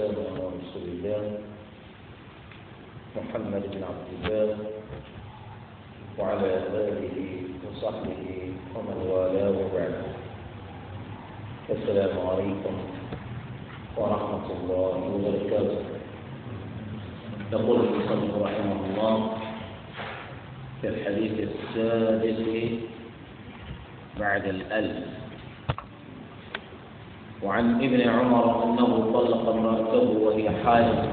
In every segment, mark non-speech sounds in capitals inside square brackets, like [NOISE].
والسلام على رسول الله محمد بن عبد الله وعلى آله وصحبه ومن والاه وبعد السلام عليكم ورحمة الله وبركاته يقول المصنف رحمه الله في الحديث السادس بعد الألف وعن ابن عمر أنه طلق امرأته وهي حائض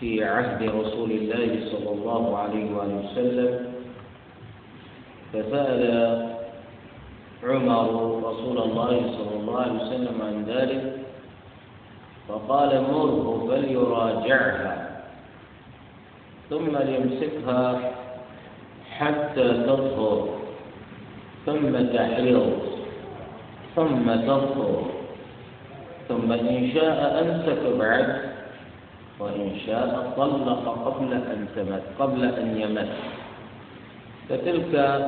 في عهد رسول الله صلى الله عليه وآله وسلم فسأل عمر رسول الله صلى الله عليه وسلم عن ذلك فقال مره فليراجعها ثم ليمسكها حتى تطهر ثم تحيض ثم تنظر ثم إن شاء أمسك بعد وإن شاء طلق قبل أن تمت قبل أن يمت فتلك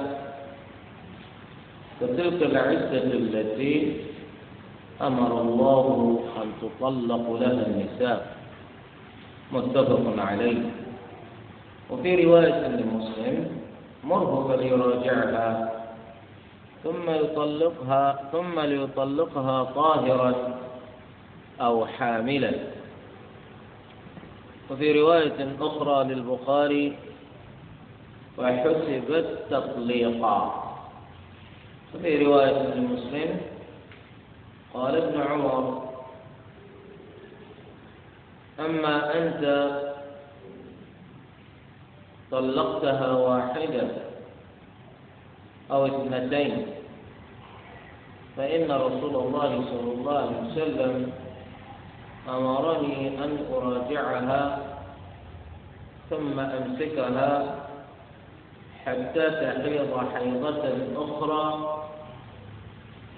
فتلك العدة التي أمر الله أن تطلق لها النساء متفق عليه وفي رواية لمسلم مره فليراجعها ثم يطلقها ثم ليطلقها طاهرا أو حاملا وفي رواية أخرى للبخاري وحسبت تطليقا وفي رواية لمسلم قال ابن عمر أما أنت طلقتها واحدة أو اثنتين فإن رسول الله صلى الله عليه وسلم أمرني أن أراجعها ثم أمسكها حتى تحيض حيضة أخرى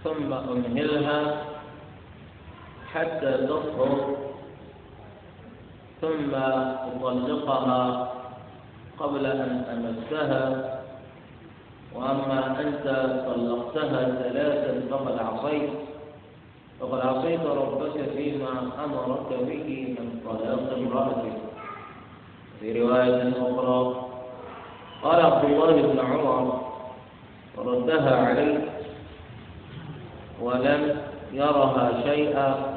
ثم أمهلها حتى تطهر ثم أطلقها قبل أن أمسها وأما أنت طلقتها ثلاثا فقد عصيت فقد عصيت ربك فيما أمرك به من طلاق امرأتك في رواية أخرى قال عبد الله بن عمر ردها عليه ولم يرها شيئا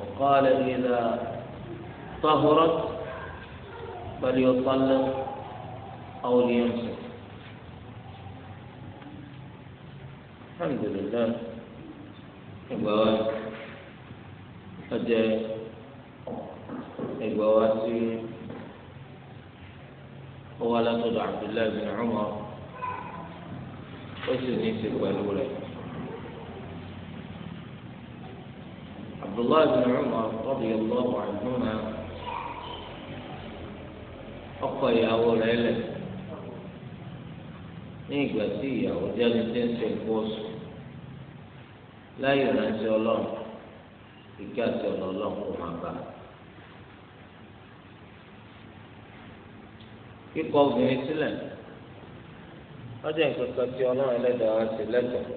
وقال إذا طهرت فليطلق أو ليمسك alhamdulilayi ìgbà wa ọjẹ ìgbà wa sí owó alátọ́dọ̀ abdullahi bin umar ó sì ní í ṣe pẹ̀lú rẹ̀ abdullahi bin umar radiyallahu anhuma ọkọ ìyàwó rẹ̀ ní ìgbà tí ìyàwó jáde ti ń ṣe gbóòsù láyé ìránṣẹ́ ọlọ́run ìgbà tí ọ̀nà ọlọ́run kò máa bá a. kíkọ̀ obìnrin sílẹ̀ lọ́jọ́ ìpínpín tí ọlọ́run ẹlẹ́dàá wá sí lẹ́tọ̀ọ́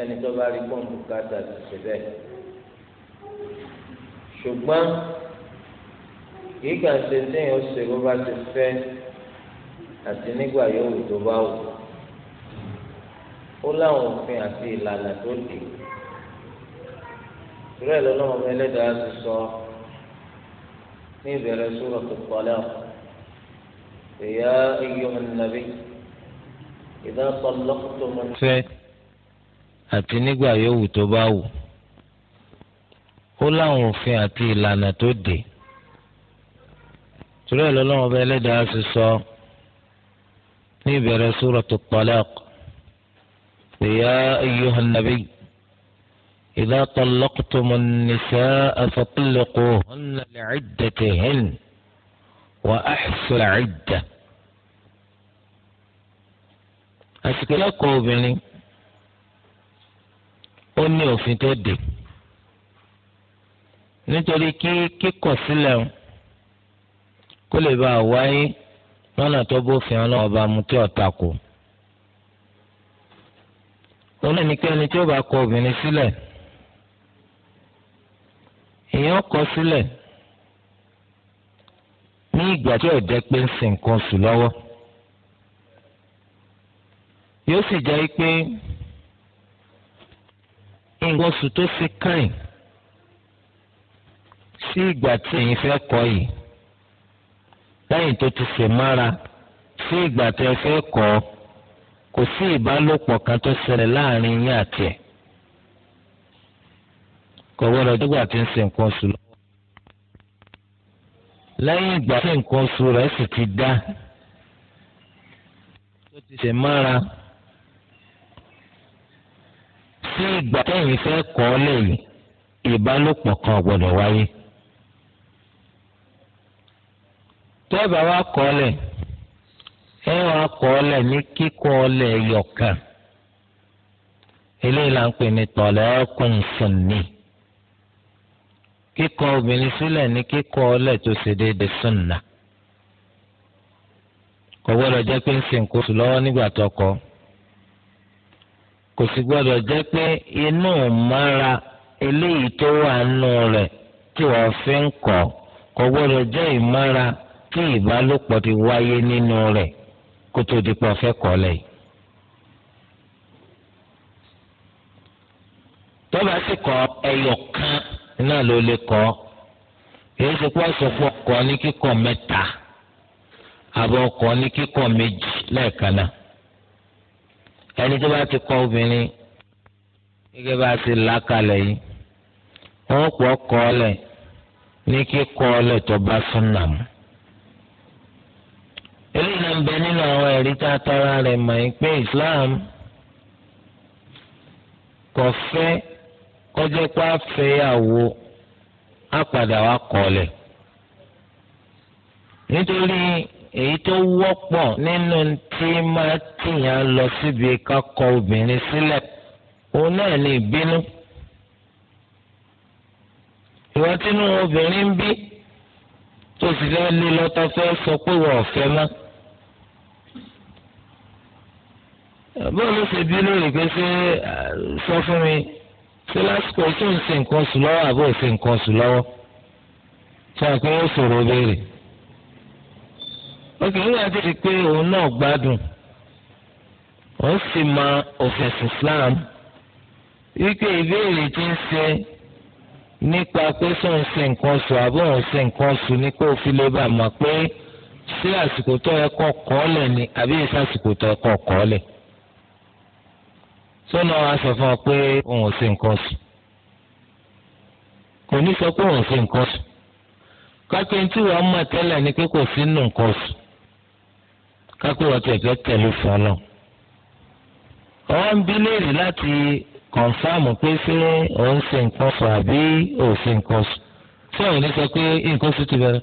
ẹni tó bá rí pọ́ǹpù káàtà ti ṣe bẹ́ẹ̀. ṣùgbọ́n kì í kàn ṣe téèyàn ṣe bó bá ti fẹ́ àti nígbà yóò tó bá wù ó láwọn òfin àti ìlànà tó dé ìrẹ́ lọ́lọ́mọ ẹlẹ́dàá ti sọ ní ìbẹ̀rẹ̀ sóra tó kọ́lá ìyá iyọ̀ nàbí ìdá tọ́lọ́kùtò mọ́. fẹ́ àti nígbà yóò wù tó bá wù ó láwọn òfin àti ìlànà tó dé ìrẹ́ lọ́lọ́mọ ẹlẹ́dàá ti sọ. So, نبر سورة الطلاق يا أيها النبي إذا طلقتم النساء فطلقوهن لعدتهن وأحسن عدة أسكلكوا بني أني وفي تدي نتريكي كي قصلا كل باوائي lọ́nà tó bófin ọlọ́run ọba mu tí ọ̀tà kù. olóòníkẹ́ni tí ó bá kọ obìnrin sílẹ̀ èèyàn kọ sílẹ̀ ní ìgbà tí ọ̀jẹ́ pé ń sin nǹkan oṣù lọ́wọ́ yóò sì jẹ́ pé nǹkan oṣù tó ṣe káyìn sí ìgbà tí èyí fẹ́ kọ yìí lẹ́yìn tó ti sè mára sí ìgbà tẹ fẹ́ kọ́ ọ kò sí ìbálòpọ̀ kan tó ṣẹlẹ̀ láàrin yín àti ẹ̀ kò gbọ́dọ̀ dọ́gba tí ń ṣe nǹkan oṣù lọ. lẹ́yìn ìgbà tí nǹkan oṣù rẹ̀ sì ti dá tó ti ṣe mára sí ìgbà tẹ̀yìn fẹ́ kọ́ lẹ́yìn ìbálòpọ̀ kan gbọ́dọ̀ wáyé. tẹ́ẹ̀bà wa kọ́ lẹ̀ ẹ wàá kọ́ lẹ̀ ní kíkọ́ lẹ̀ yọ̀kan eléyìí là ń pè ní tọ̀lẹ́kùn obìnrin sílẹ̀ ní kíkọ̀ tó ṣe déédéé sunna kò gbọ́dọ̀ jẹ́ pé ń kó sùn lọ́wọ́ nígbà tó tí ìbálòpọ̀ ti wáyé nínú rẹ̀ kó tó di pọ̀ fẹ́ yìí. tọ́ba sì kọ ẹyọ kan náà ló lè kọ́ èyí ti pọ́ sọ fún ọkọ ní mẹ́ta àbọ̀ ọkọ ní kíkọ méjì lẹ́ẹ̀kan náà ẹni tó bá ti obìnrin gẹ́gẹ́ bá ti ní kíkọ́ lẹ̀ eléyìí náà ń bẹ nínú àwọn tara rẹ̀ mọ̀ ẹ́ Islam kò fẹ́ kọjá pé a fẹ́yàwó á padà wá kọlẹ̀ nítorí èyí tó wọ́pọ̀ nínú tí máa tìyàn lọ síbi kakọ obìnrin sílẹ̀ òun náà ní ìbínú ìwọ́n tínú obìnrin bí tó sì lọ́ọ́ lé lọ́tọ́ fẹ́ sọ pé wọ́n ọ̀fẹ́ bọ́ọ̀ ló ṣe bí lórí pé ṣé sọ fún mi ṣé lásìkò tó ń ṣe nǹkan sùn lọ́wọ́ àbò ṣe nǹkan sùn lọ́wọ́ ṣé àpé ó ṣòro béèrè. òkè nígbà tó ti pé òun náà gbádùn òun sì mọ òfin Islam wípé ìbéèrè ti ń ṣe nípa pé sọ ń ṣe nǹkan sùn àbò ń ṣe nǹkan sùn ní pé òfin lè bà pé ṣé àsìkò tó yẹ kọ́ kọ́ lẹ̀ ni àbí ìṣàsìkò tó yẹ kọ́ kọ́ lẹ̀ sọ́nà aṣọ fún ọ pé òun ò ṣe nǹkan sùn kò ní sọ pé òun ò ṣe nǹkan sùn kápẹ́ tí wọ́n mọ̀ tẹ́lẹ̀ ni pé kò sí nù nǹkan sùn kápẹ́ wọ́n tẹ̀ fẹ́ tẹ̀lé fún ọ náà. ọ̀hún bí léèrè láti kọ̀ǹfàmù pé ṣé òun ṣe nǹkan sùn àbí òun ṣe nǹkan sùn tí òun ní sọ pé nǹkan sùn ti bẹ̀rẹ̀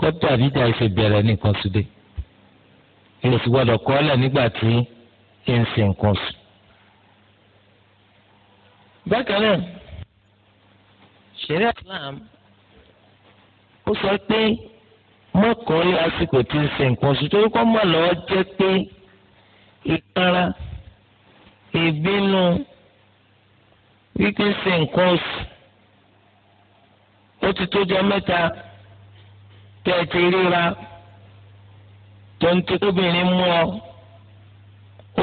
kó dàbí dà ìṣe bẹ̀rẹ̀ ní nǹkan sùn dé. ìrèsì gbọ́dọ̀ kọ́ ọ́lẹ̀ nígbà tí ń ṣe nǹkan sùn bákan náà ṣẹ̀ríà Islam ó sọ pé mọ́kànlá àsìkò tí ń ṣe nǹkan oṣù torí kọ́ mọ́ lọ́wọ́ jẹ́ pé ìpara ìbínú wípé ṣe nǹkan oṣù ó ti tó jọ mẹ́ta tẹ́ ẹ ti ríra tó ń tó tóbìnrin mú ọ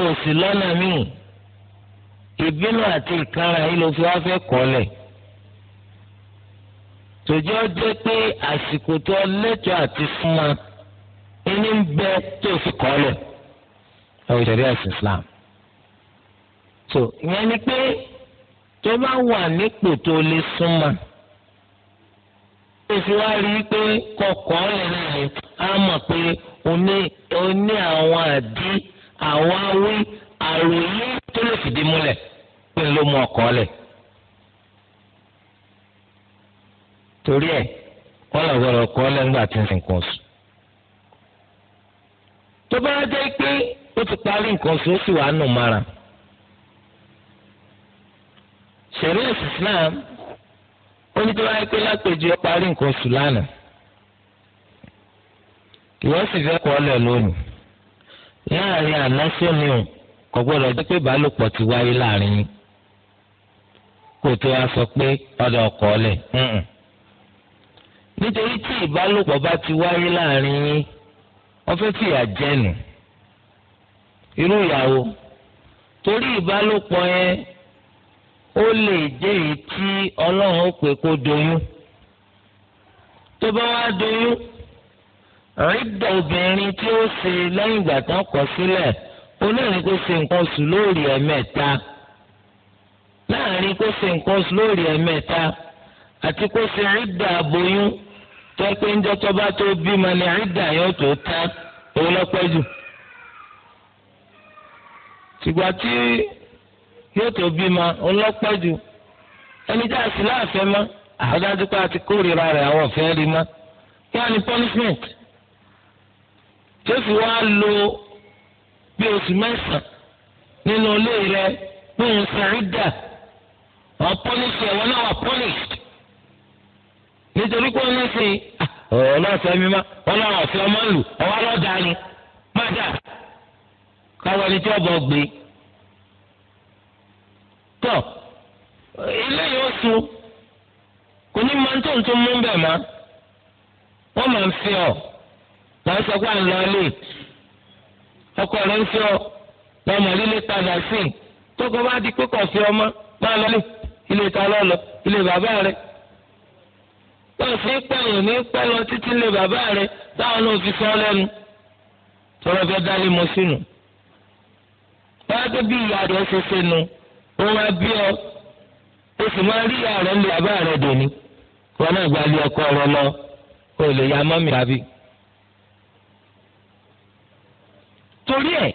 ó sì lọ́nà míì ìbínú àti ìkanra yìí ló fi wá fẹ́ kọ́lẹ̀ tòjọ́ jẹ́ pé àsìkò tó lẹ́tọ̀ọ́ àti súnmọ́ ẹni ń bẹ tó fi kọ́lẹ̀ ẹ̀wọ̀n ìṣẹ̀lẹ̀ ẹ̀sìn Islam so ìyẹn ni pé tó bá wà nípò tó lè súnmọ́ tó fi wá rí i pé kọ̀ọ̀kan lè rìn á mọ̀ pé o ní àwọn àdí àwọn awé àròyé tó lè fìdí múlẹ̀. pé ń ló mú ọkọ lẹ̀ torí ẹ wọ́n lọ gbọ́dọ̀ kọ́ lẹ̀ ńgbà tí ń sin nǹkan oṣù tó bá jẹ́ pé ó ti parí nǹkan oṣù ó sì wàá nù mara ṣẹ̀rí Islam ó ní tó bá pé lápèjì ó parí nǹkan lánàá sì lónìí láàrin àná sí pé ti kó tó wá sọ pé ọ̀dọ̀ ọkọ lẹ̀. nítorí tí ìbálòpọ̀ bá ti wáyé láàrin yín wọ́n fẹ́ fìyà jẹ́nu irú ìyàwó torí ìbálòpọ̀ yẹn ó lè jẹ́ èyí tí ọlọ́run ó pè kó doyún tó bá wá doyún rídà obìnrin tí ó ṣe lẹ́yìn ìgbà tán kọ̀ sílẹ̀ olóòrìn kó ṣe nǹkan oṣù lórí ẹ̀mẹ́ta. láàrin kó ṣe nǹkan oṣù lórí ẹ̀mẹ́ta àti kó ṣe rídà aboyún tó ń jọ́tọ́ bá tó bímọ ni rídà yóò tó o òun lọ́pẹ́ jù. tìgbà tí yóò tó bímọ òun lọ́pẹ́ jù ẹni tí a sì láàfẹ́ mọ́ pé ti kórìíra rẹ̀ àwọn ọ̀fẹ́ rí mọ́ ní punishment tó fi wá ọ̀ pọ́lísì ẹ̀wọ̀n náà wà pọ́lísì nítorí pé wọ́n ṣe ah, ọ̀rọ̀ náà fẹ́ mi má wọ́n náà wà fẹ́ ọmọ lù ọwọ́ lọ́dà ni má dà káwọn ẹni tí ọ̀bọ̀ gbé tọ̀ ilé yóò sun kò ní máa ń tó ń tó mú bẹ̀ má wọ́n máa ń fi ọ̀ wọ́n sọ pé à ń lọ ilé ọkọ rẹ̀ ń fi ọ̀ lọ́mọ líle padà sí tọkọ bá di pé kọ̀ fi ọmọ máa lọ ilé ilé ta lọ lọ ilé bàbá rẹ wọn fi pẹ̀yìn ní pẹ́ lọ títí ilé bàbá rẹ táwọn náà fi sọ lẹ́nu tọrọ fẹ́ dálé mọ sínú báyọ̀ tó bí ìyá rẹ ṣe ṣe nu ó wá bí ọ ó sì máa rí ìyá rẹ lé bàbá rẹ dòní wọn náà gba ilé ọkọ rẹ lọ ó lè ya mọ́mì tàbí. torí ẹ̀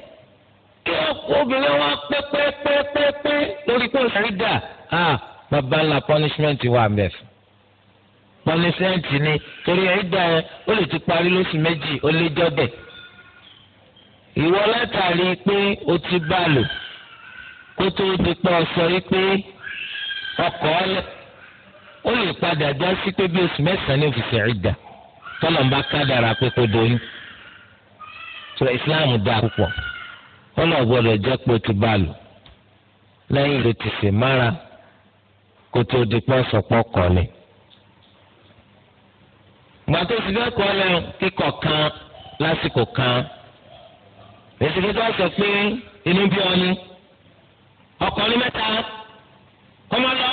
kí ọkọ obìnrin wa pẹ́pẹ́pẹ́pẹ́ lórí pé òṣèré dà a bàbá ńlá punishment wà mẹ́f. punishment ni torí ẹ̀dá ẹ ó lè ti parí lóṣù méjì ó lé jọ́dẹ̀. ìwọ látàrí pé o ti bá lò kó tó o pé ọ sọ yìí pé ọkọ̀ ọ̀lẹ̀ ó lè padà já sí pé bí oṣù mẹ́sàn-án ní òfìsẹ̀ ẹ̀dá tọ́lọ̀ ń bá kádàrà pé kó doyún. sọ Islam dáa púpọ̀ ọlọ́ọ̀ gbọ́dọ̀ jẹ́ pé o ti bá lò lẹ́yìn ló ti sè mára kó tó di pọ́ sọ̀pọ̀ kọ́lẹ̀. ìgbà tó ti fẹ́ kọ́lẹ̀ kíkọ̀ kan lásìkò kan èsì kí wọ́n sọ pé inú bí wọn ni ní mẹ́ta kọ́mọ lọ.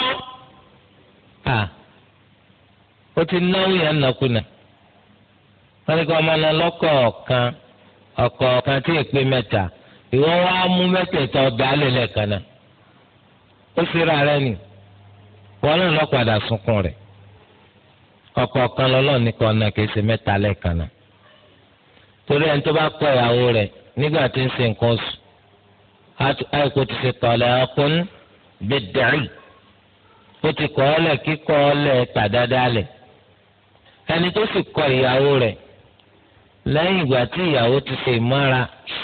ó ti náwó yẹn nàkúnà wọ́n ní kí ọmọ náà lọ́kọ̀ọ̀kan ọ̀kọ̀ọ̀kan tí ì pé mẹ́ta ìwọ́n wá mú mẹ́tẹ̀ẹ̀ta ọ̀dà lélẹ̀ kan náà ó sì rà rẹ̀ nìyí. wọn náà lọ padà sunkún rẹ̀ ọ̀kọ̀ọ̀kan lọ́lọ́run nìkan ọ̀nà kìí ṣe mẹ́ta lẹ́ẹ̀kan náà torí ẹni tó bá kọ ìyàwó rẹ̀ nígbà tí ń ṣe nǹkan oṣù àìkú ti ṣe tọ̀lẹ̀ ọkùnrin bí dẹ́rì ó ti kọ̀ ọ́ lẹ̀ kíkọ̀ ọ́ lẹ̀ tàdádálẹ̀ ẹni tó sì kọ ìyàwó rẹ. lẹ́yìn ìgbà tí ìyàwó ti ṣe ìmọ́ra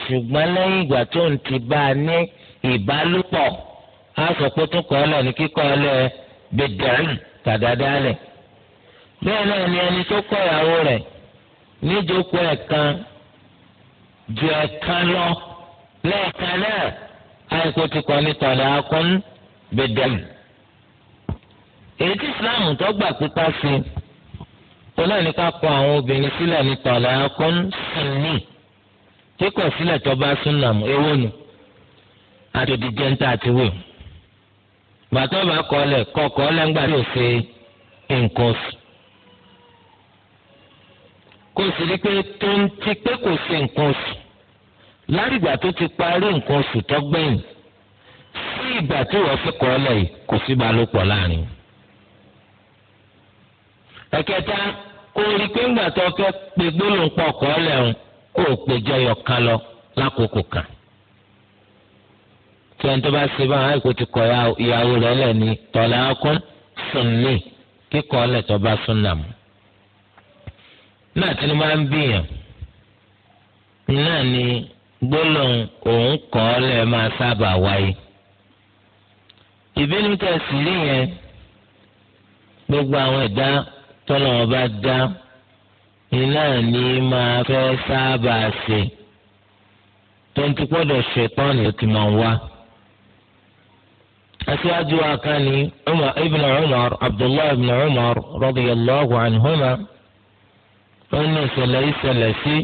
ṣùgbọ́n lẹ́yìn ìgbà tó ń ti bá a ní ìbálòpọ̀ á sọ pé tó kọ̀ ọ́ lẹ̀ ní kíkọ̀ ọ́ lẹ̀ bẹ̀dẹ̀rì tàdádálẹ̀ bẹ́ẹ̀ náà ni ẹni tó kọ ìyàwó rẹ̀ níjókòó ẹ̀kan ju ẹ̀kan lọ lẹ́ẹ̀kan náà àìkú ti kọ́ ní tọ̀lẹ̀ akún bẹ̀dẹ̀rì èyí tí Islam tó gbà pípa sí tó náà ní ká kọ àwọn obìnrin sílẹ̀ ní tọ̀lẹ̀ akún sínú kíkọ̀ tó bá súnà mú àti òdìjẹ́ ń tà àti wíwù. gbàtọ́ bá kọ́lẹ̀ kọ́ kọ́lẹ̀ tí ò ṣe nǹkan sùn. kó sì rí pé tó ń ti pé kò ṣe nǹkan sùn tó ti parí nǹkan sùn tọ́gbẹ̀yìn sí ìgbà pe ń kó o péjọ lọ lákòókò kan. kí ẹni tó bá ṣe bá àwọn àìkú ti kọ ìyàwó rẹ̀ lẹ̀ ní tọ̀lá ọkùn sunni kíkọ́ ọ̀lẹ̀ tó bá sunna mu. náà tí ni máa ń bìyàn náà ni gbólóhùn òun kọ́ ọ̀lẹ̀ máa sábà wáyé. ìbínú tẹ̀sí rí yẹn gbogbo àwọn ẹ̀dá tọ́lọ̀ wọn bá dá iná ní máa fẹ́ sábà ṣe tó ń ti pọ́dọ̀ ṣe pọ́ùn ló ti máa wá aṣíwájú wa kan ní ibn umar abdullahi ibn umar radiyallahu anhuma ó ní ìṣẹ̀lẹ̀ ìṣẹ̀lẹ̀ sí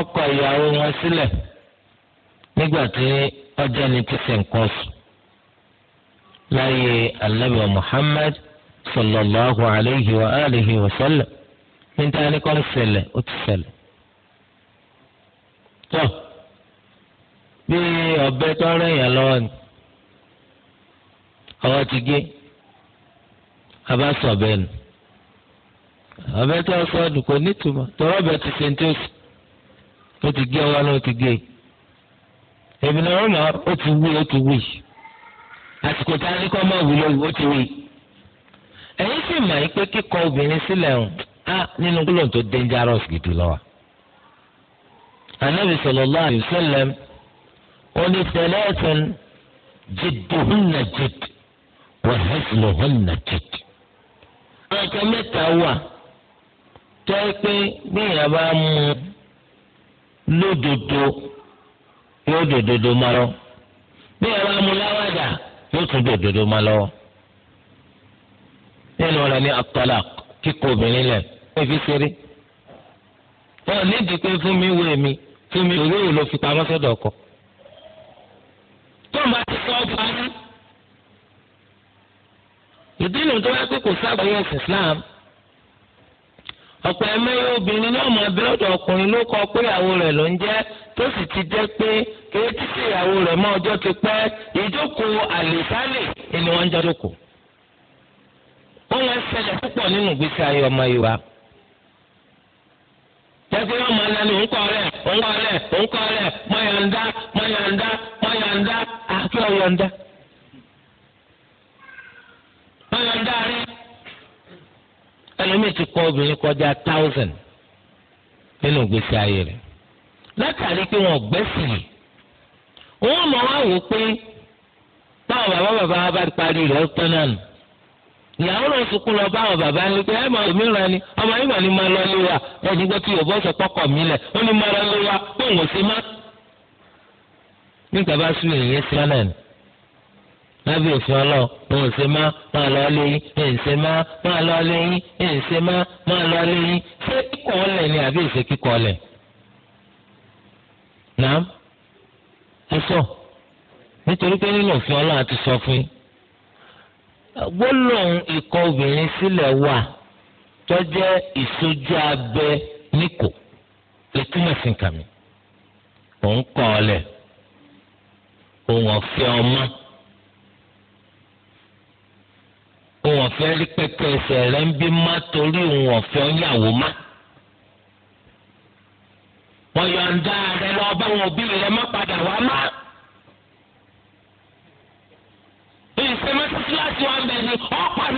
ọkọ ìyàwó wọn sílẹ̀ nígbà tí ọjọ́ ni ti ṣe nǹkan sùn láyé alábẹ́ muhammad sallallahu alayhi wa alihi wa sallam níta ni kọ́ ń ṣẹlẹ̀ ó ti ṣẹlẹ̀. tó bí ọbẹ̀ tó rẹ̀ yàn lọ́wọ́ ni ọwọ́ ti gé abá sọ bẹ́ẹ̀ nù ọbẹ̀ tí wọ́n sọ ọ́ dùn kò nítumọ̀ tọ́wọ́ bẹ̀ ti ṣe ní ó ti gé ọwọ́ náà ó ti gé Ibn Umar ó ti wí ó ti wí àsìkò tí a ní kọ́ mọ̀ wí ó ti wí ẹ̀yin sì mọ̀ yín pé kíkọ obìnrin sílẹ̀ ń á nínú gbólóhùn tó dangerous gidi lọ́wọ́ anabi sallallahu alayhi wa sallam ó ní thalathan jidduhunna wọ́n hẹ́sìlò hàn nàkìk. àwọn kan mẹ́ta wà tó ẹ pé gbìyànjú bá mú lódodo yóò dòdòdò má lọ gbìyànjú bá mú láwàdà yóò tún dòdòdò má lọ. nínú rẹ̀ ní at-talaq kíkọ obìnrin lẹ̀ ẹ fi ṣeré. wọ́n nídìí pé fún mi wé mi fún mi òwe òun ló fi pamọ́ sọ́dọ̀ ọkọ. tó ń bá ti sọ ọ́ parí. ìdílù tó wá pé kò sábàáyé ẹ̀sìn Islam ọ̀pọ̀ ẹ̀mẹ́yẹ obìnrin náà mọ abẹ́rẹ́dọ̀ ọkùnrin ló kọ pé ìyàwó rẹ̀ ló ń jẹ́ tó sì ti jẹ́ pé etí sí ìyàwó rẹ̀ mọ́ ọjọ́ ti pẹ́ ìjókòó àlèsálè ni wọ́n ń jókòó. ó yẹn ṣẹlẹ̀ púpọ̀ nínú ìgbésí ayé ọmọ rẹ̀ e rẹ̀ ẹlòmíì ti kọ obìnrin kọjá thousand nínú ìgbésí ayé rẹ̀ látàrí pé wọn gbẹ́sì yìí mọ̀ wá wò pé báwọn bàbá bàbá wa bá parí rẹ̀ tán náà nù ìyàwó náà sunkún lọ báwọn bàbá ní pé ẹ máa èmi ni ọmọ yìí mà ní lọ lé wa ẹni gbọ́ tí sọ pọ́kọ̀ mi lẹ̀ ó ní máa lábẹ́ òfin ọlọ́ọ̀ wọn ò ṣe má máa lọ léyìn ẹ̀ ń ṣe má máa lọ léyìn ẹ̀ ń ṣe má máa lọ léyìn ṣé kíkọ́ ọlẹ̀ ni àbí ìṣe kíkọ́ ọlẹ̀ náà ẹ sọ nítorí pé nínú òfin ọlọ́ọ̀ àti sọ fún yín gbólóhùn ikọ̀ obìnrin sílẹ̀ wà tó jẹ́ ìsojú abẹ níkò lè túmọ̀ mi òun kọ́ ọlẹ̀ òun ọ̀fẹ́ ọmọ. òun ọ̀fẹ́ rí pẹpẹ ẹsẹ̀ rẹ̀ ń bí má torí òun ọ̀fẹ́ má. wọ́n yọ̀ǹda lọ bá wọn òbí rẹ má padà wá má.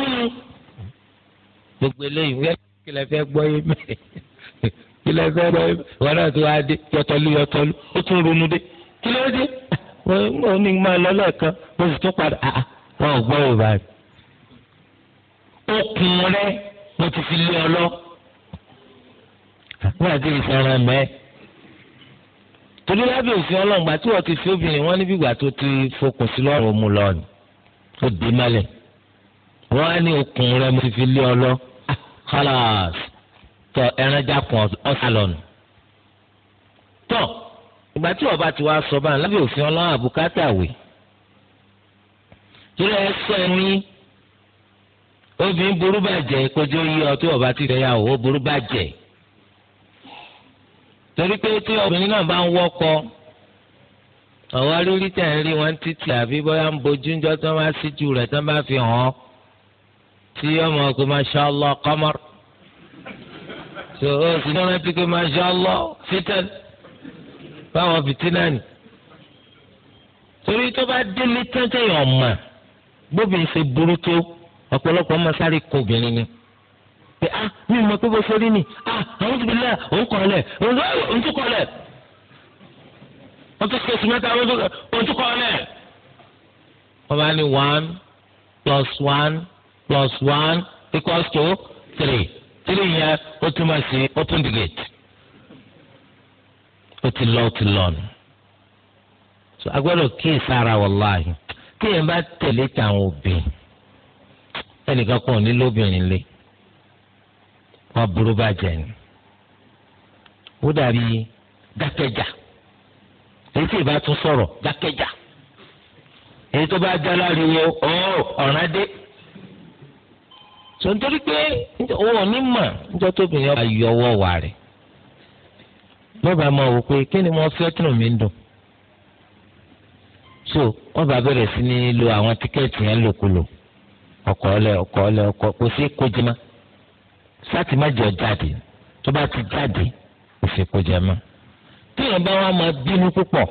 nínú. gbogbo eléyìí wíwẹ́ kí lè fẹ́ gbọ́ mẹ́rin [LAUGHS] kí lè fẹ́ gbọ́ mẹ́rin wọn náà ti dé yọtọlú yọtọlú ó tún ronú dé kí ló dé. [LAUGHS] wọ́n ní okùn rẹ mo ti fi lé ọ lọ. wọ́n àti ìsanra mẹ́. torí lábẹ́ òfin ọlọ́ngbà tí wọ́n ti fi obìnrin wọn níbi ìgbà tó ti fokùn sí lọ́rùn mu lọ ni ó dé mọ́lẹ̀. wọ́n á ní okùn rẹ mo ti fi lé ọ lọ. Ah, kálás tọ ẹran jákun ọ̀sálọ̀nù. tọ́ ìgbà tí ọba ti wá sọ báyìí lábẹ́ òfin ọlọ́run àbùkátà wè. torí ẹ sọ ẹ̀mí obìnrin burú bàjẹ́ kọjá yí ọ tí ọba ti fẹ́yàwó ó burú bàjẹ́ torí pé tí obìnrin náà bá ń wọ́kọ ọ̀wọ́ rírí tẹ̀ ń rí wọn títí àbí bóyá ń bojú ńjọ́ tí wọ́n bá síjú rẹ̀ tí wọ́n bá fi hàn án tí ọmọ ọkọ masha allah kọ́mọ́r tó o sì ní rántí pé masha allah fitan báwọn fìtínà ni torí tó bá délé tán tẹ̀yàn mọ̀ gbóbìnrin ṣe burú tó ọ̀pọ̀lọpọ̀ máa sáré kun obìnrin ni pé ah mi mọ pé bó ṣe rí ni ah àwọn ti bìlẹ̀ òun kọ̀ lẹ̀ òun tún kọ̀ lẹ̀ wọ́n tún kẹ̀sì mẹ́ta òun tún kọ̀ lẹ̀. wọ́n bá ní one plus one plus one equals to three three yẹn ó túmọ̀ sí open the gate ó ti lọ ó ti lọ nù so agbọ́dọ̀ kíyèsára wàláhì kéèyàn bá tẹ̀lé tàwọn òbí. ẹnìkan kan ní lóbìnrin lé wọn burú bàjẹ́ ni ó dàbí dákẹ́jà èyí tí ìbá tún sọ̀rọ̀ dákẹ́jà èyí tó bá já láriwo ọ̀ọ́ ọ̀ràn dé sọ̀ntorí pé òun ò ní mọ̀ níjọ́ tóbìnrin ọba yọ ọwọ́ wà rẹ̀ máa wò pé kí ni fẹ́ tún so wọ́n bá bẹ̀rẹ̀ sí ní lo àwọn tíkẹ́ẹ̀tì yẹn ọkọ ọlẹ ọkọ ọlẹ ọkọ kò sí kojima sátì má jọ jáde tó bá ti jáde kò sí kojima tíyẹn bá wà máa bínú púpọ̀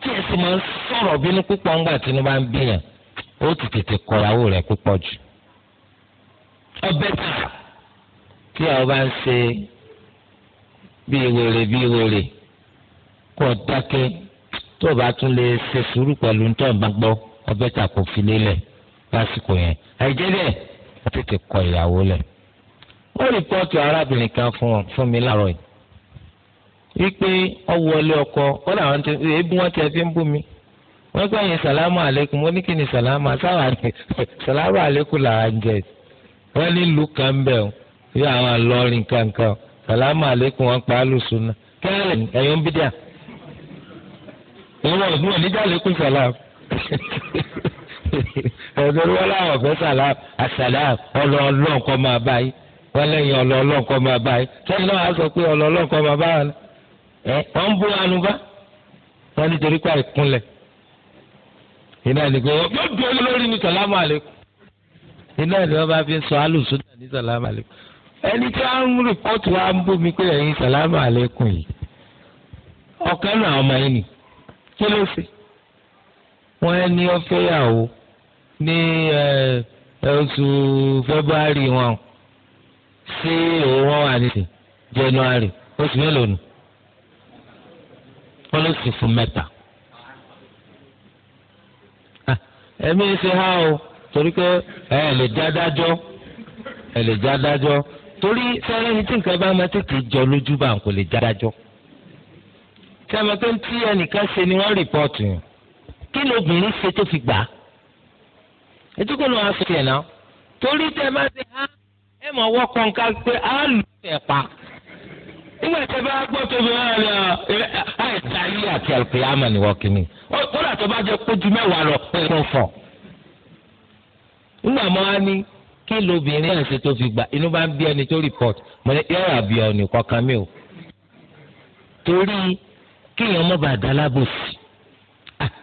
tíyẹn sì máa sọ̀rọ̀ bínú púpọ̀ ńgbà tínú bá ń bíyàn ó ti tètè kọyàwó rẹ̀ púpọ̀ jù ọbẹ̀ tà tí àwọn bá ń ṣe bíi wèrè bíi wèrè kó dákẹ́ tó o bá tún lè ṣe sùúrù pẹ̀lú ntọ́ ìbá gbọ́ ọbẹ̀ tà kò fi lélẹ̀. lásìkò yẹn àìjẹ́ dẹ̀! ó tètè kọ ìyàwó lẹ̀. ó rìpọ́ọ̀tù arábìnrin kan fún mi láàárọ̀ yìí wípé ọ wọlé ọkọ ó làwọn ebi wọn ti ẹbí ń bú mi wọ́n gbà yín sàlámù àlékún wọ́n ní kí ni sàlámù àsáwà [LAUGHS] sàlámù làwọn wọ́n ní ìlú kan àwọn wọn pa á [LAUGHS] ẹ̀sọ́rí wọn láwọn ọ̀fẹ́ sàlám àsàlám ọlọ́ọ̀lọ́ nǹkan máa bá yín wọn lẹ́yìn ọlọ́ọ̀lọ́ nǹkan máa bá yín sẹ́yìn náà a sọ pé ọlọ́ọ̀lọ́ nǹkan máa bá wọn ẹ wọ́n ń bú anubá wọn nítorí pa ìkúnlẹ̀ iná nìkan wọn yóò dúró lórí ní sàlámù àlékún iná ni wọn bá fi sọ alùsùn ní sàlámù àlékún ẹni tí wọn ń rìpọ́tù wa ń bú mi pé ẹ̀yin sàlámù àlékún yìí ọ̀kan náà ọmọ yìí nì kí ló ṣe wọn ẹni ọ fẹ́ ní eh, oṣù february wọn sí òun wà nísìn january oṣù mélòó nù wọn ló sì fún mẹ́ta ah, ẹmí ṣe há o torí pé ẹ lè já dájọ́ ẹ lè já dájọ́ torí sẹ́rẹ́ ní tí nǹkan bá máa tètè jọ lójú bá kò lè já dájọ́ sẹ́mi pé tí ẹnìkan ṣe ni wọ́n rìpọ́ọ̀tù yẹn kí lóbìnrin ṣe tó fi gbà á ètò kò ló wá sọ yẹn náà torí tẹ má ṣe há ẹ mọ̀ wọ́ kọ̀ǹkà pé á lù ẹ̀ pa nígbà tí a bá gbọ́ tó bí wọ́n lọ àìsàn ayé àti àlùkìyàmọ̀ ni wọ́n kìíní kódà tó bá jẹ kójú mẹ́wàá lọ pé kó fọ̀. nígbà máa wá ní kí lóbìnrin náà ṣe tó fi gbà inú bá ń bí ẹni tó rìpọ̀t mo ní yọ̀rọ̀ àbí ọ̀nì kankan mi ò. torí kéèyàn mọ̀ bá dá lábòsí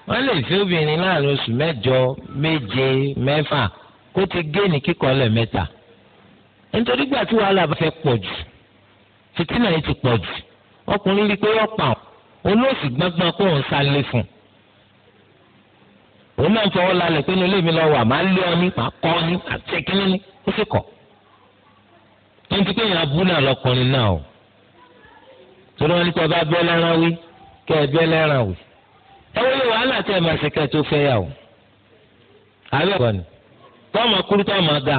wọ́n lè fi obìnrin láàrin oṣù mẹ́jọ méje mẹ́fà kó ti géènì kíkọ́ lẹ̀ mẹ́ta nítorí gbà tí wàhálà bá fẹ́ pọ̀ jù fìtínà yìí ti pọ̀ jù ọkùnrin rí i pé ọ̀pá olóòsì gbọ́ngbọ́n kó òun sálé fún un òun náà ń fọwọ́ lálẹ́ pé nílé mi lọ́wọ́ àmà lé ọ ní màá kọ́ ọ ní ní ó sì kọ̀ ẹni tí kéèyàn abú náà lọkùnrin náà o torí wọn ní kí ọba bẹ́ẹ̀ lẹ́ran wí kẹ́ ẹ bẹ́ẹ̀ lẹ́ran wí ẹwọ́n yóò wàhálà tẹ́ ẹ máa ṣe o tó fẹ́ yà o àbẹ̀ ẹ̀kọ́ ni tọ́mọ kúrú tọ́mọ ga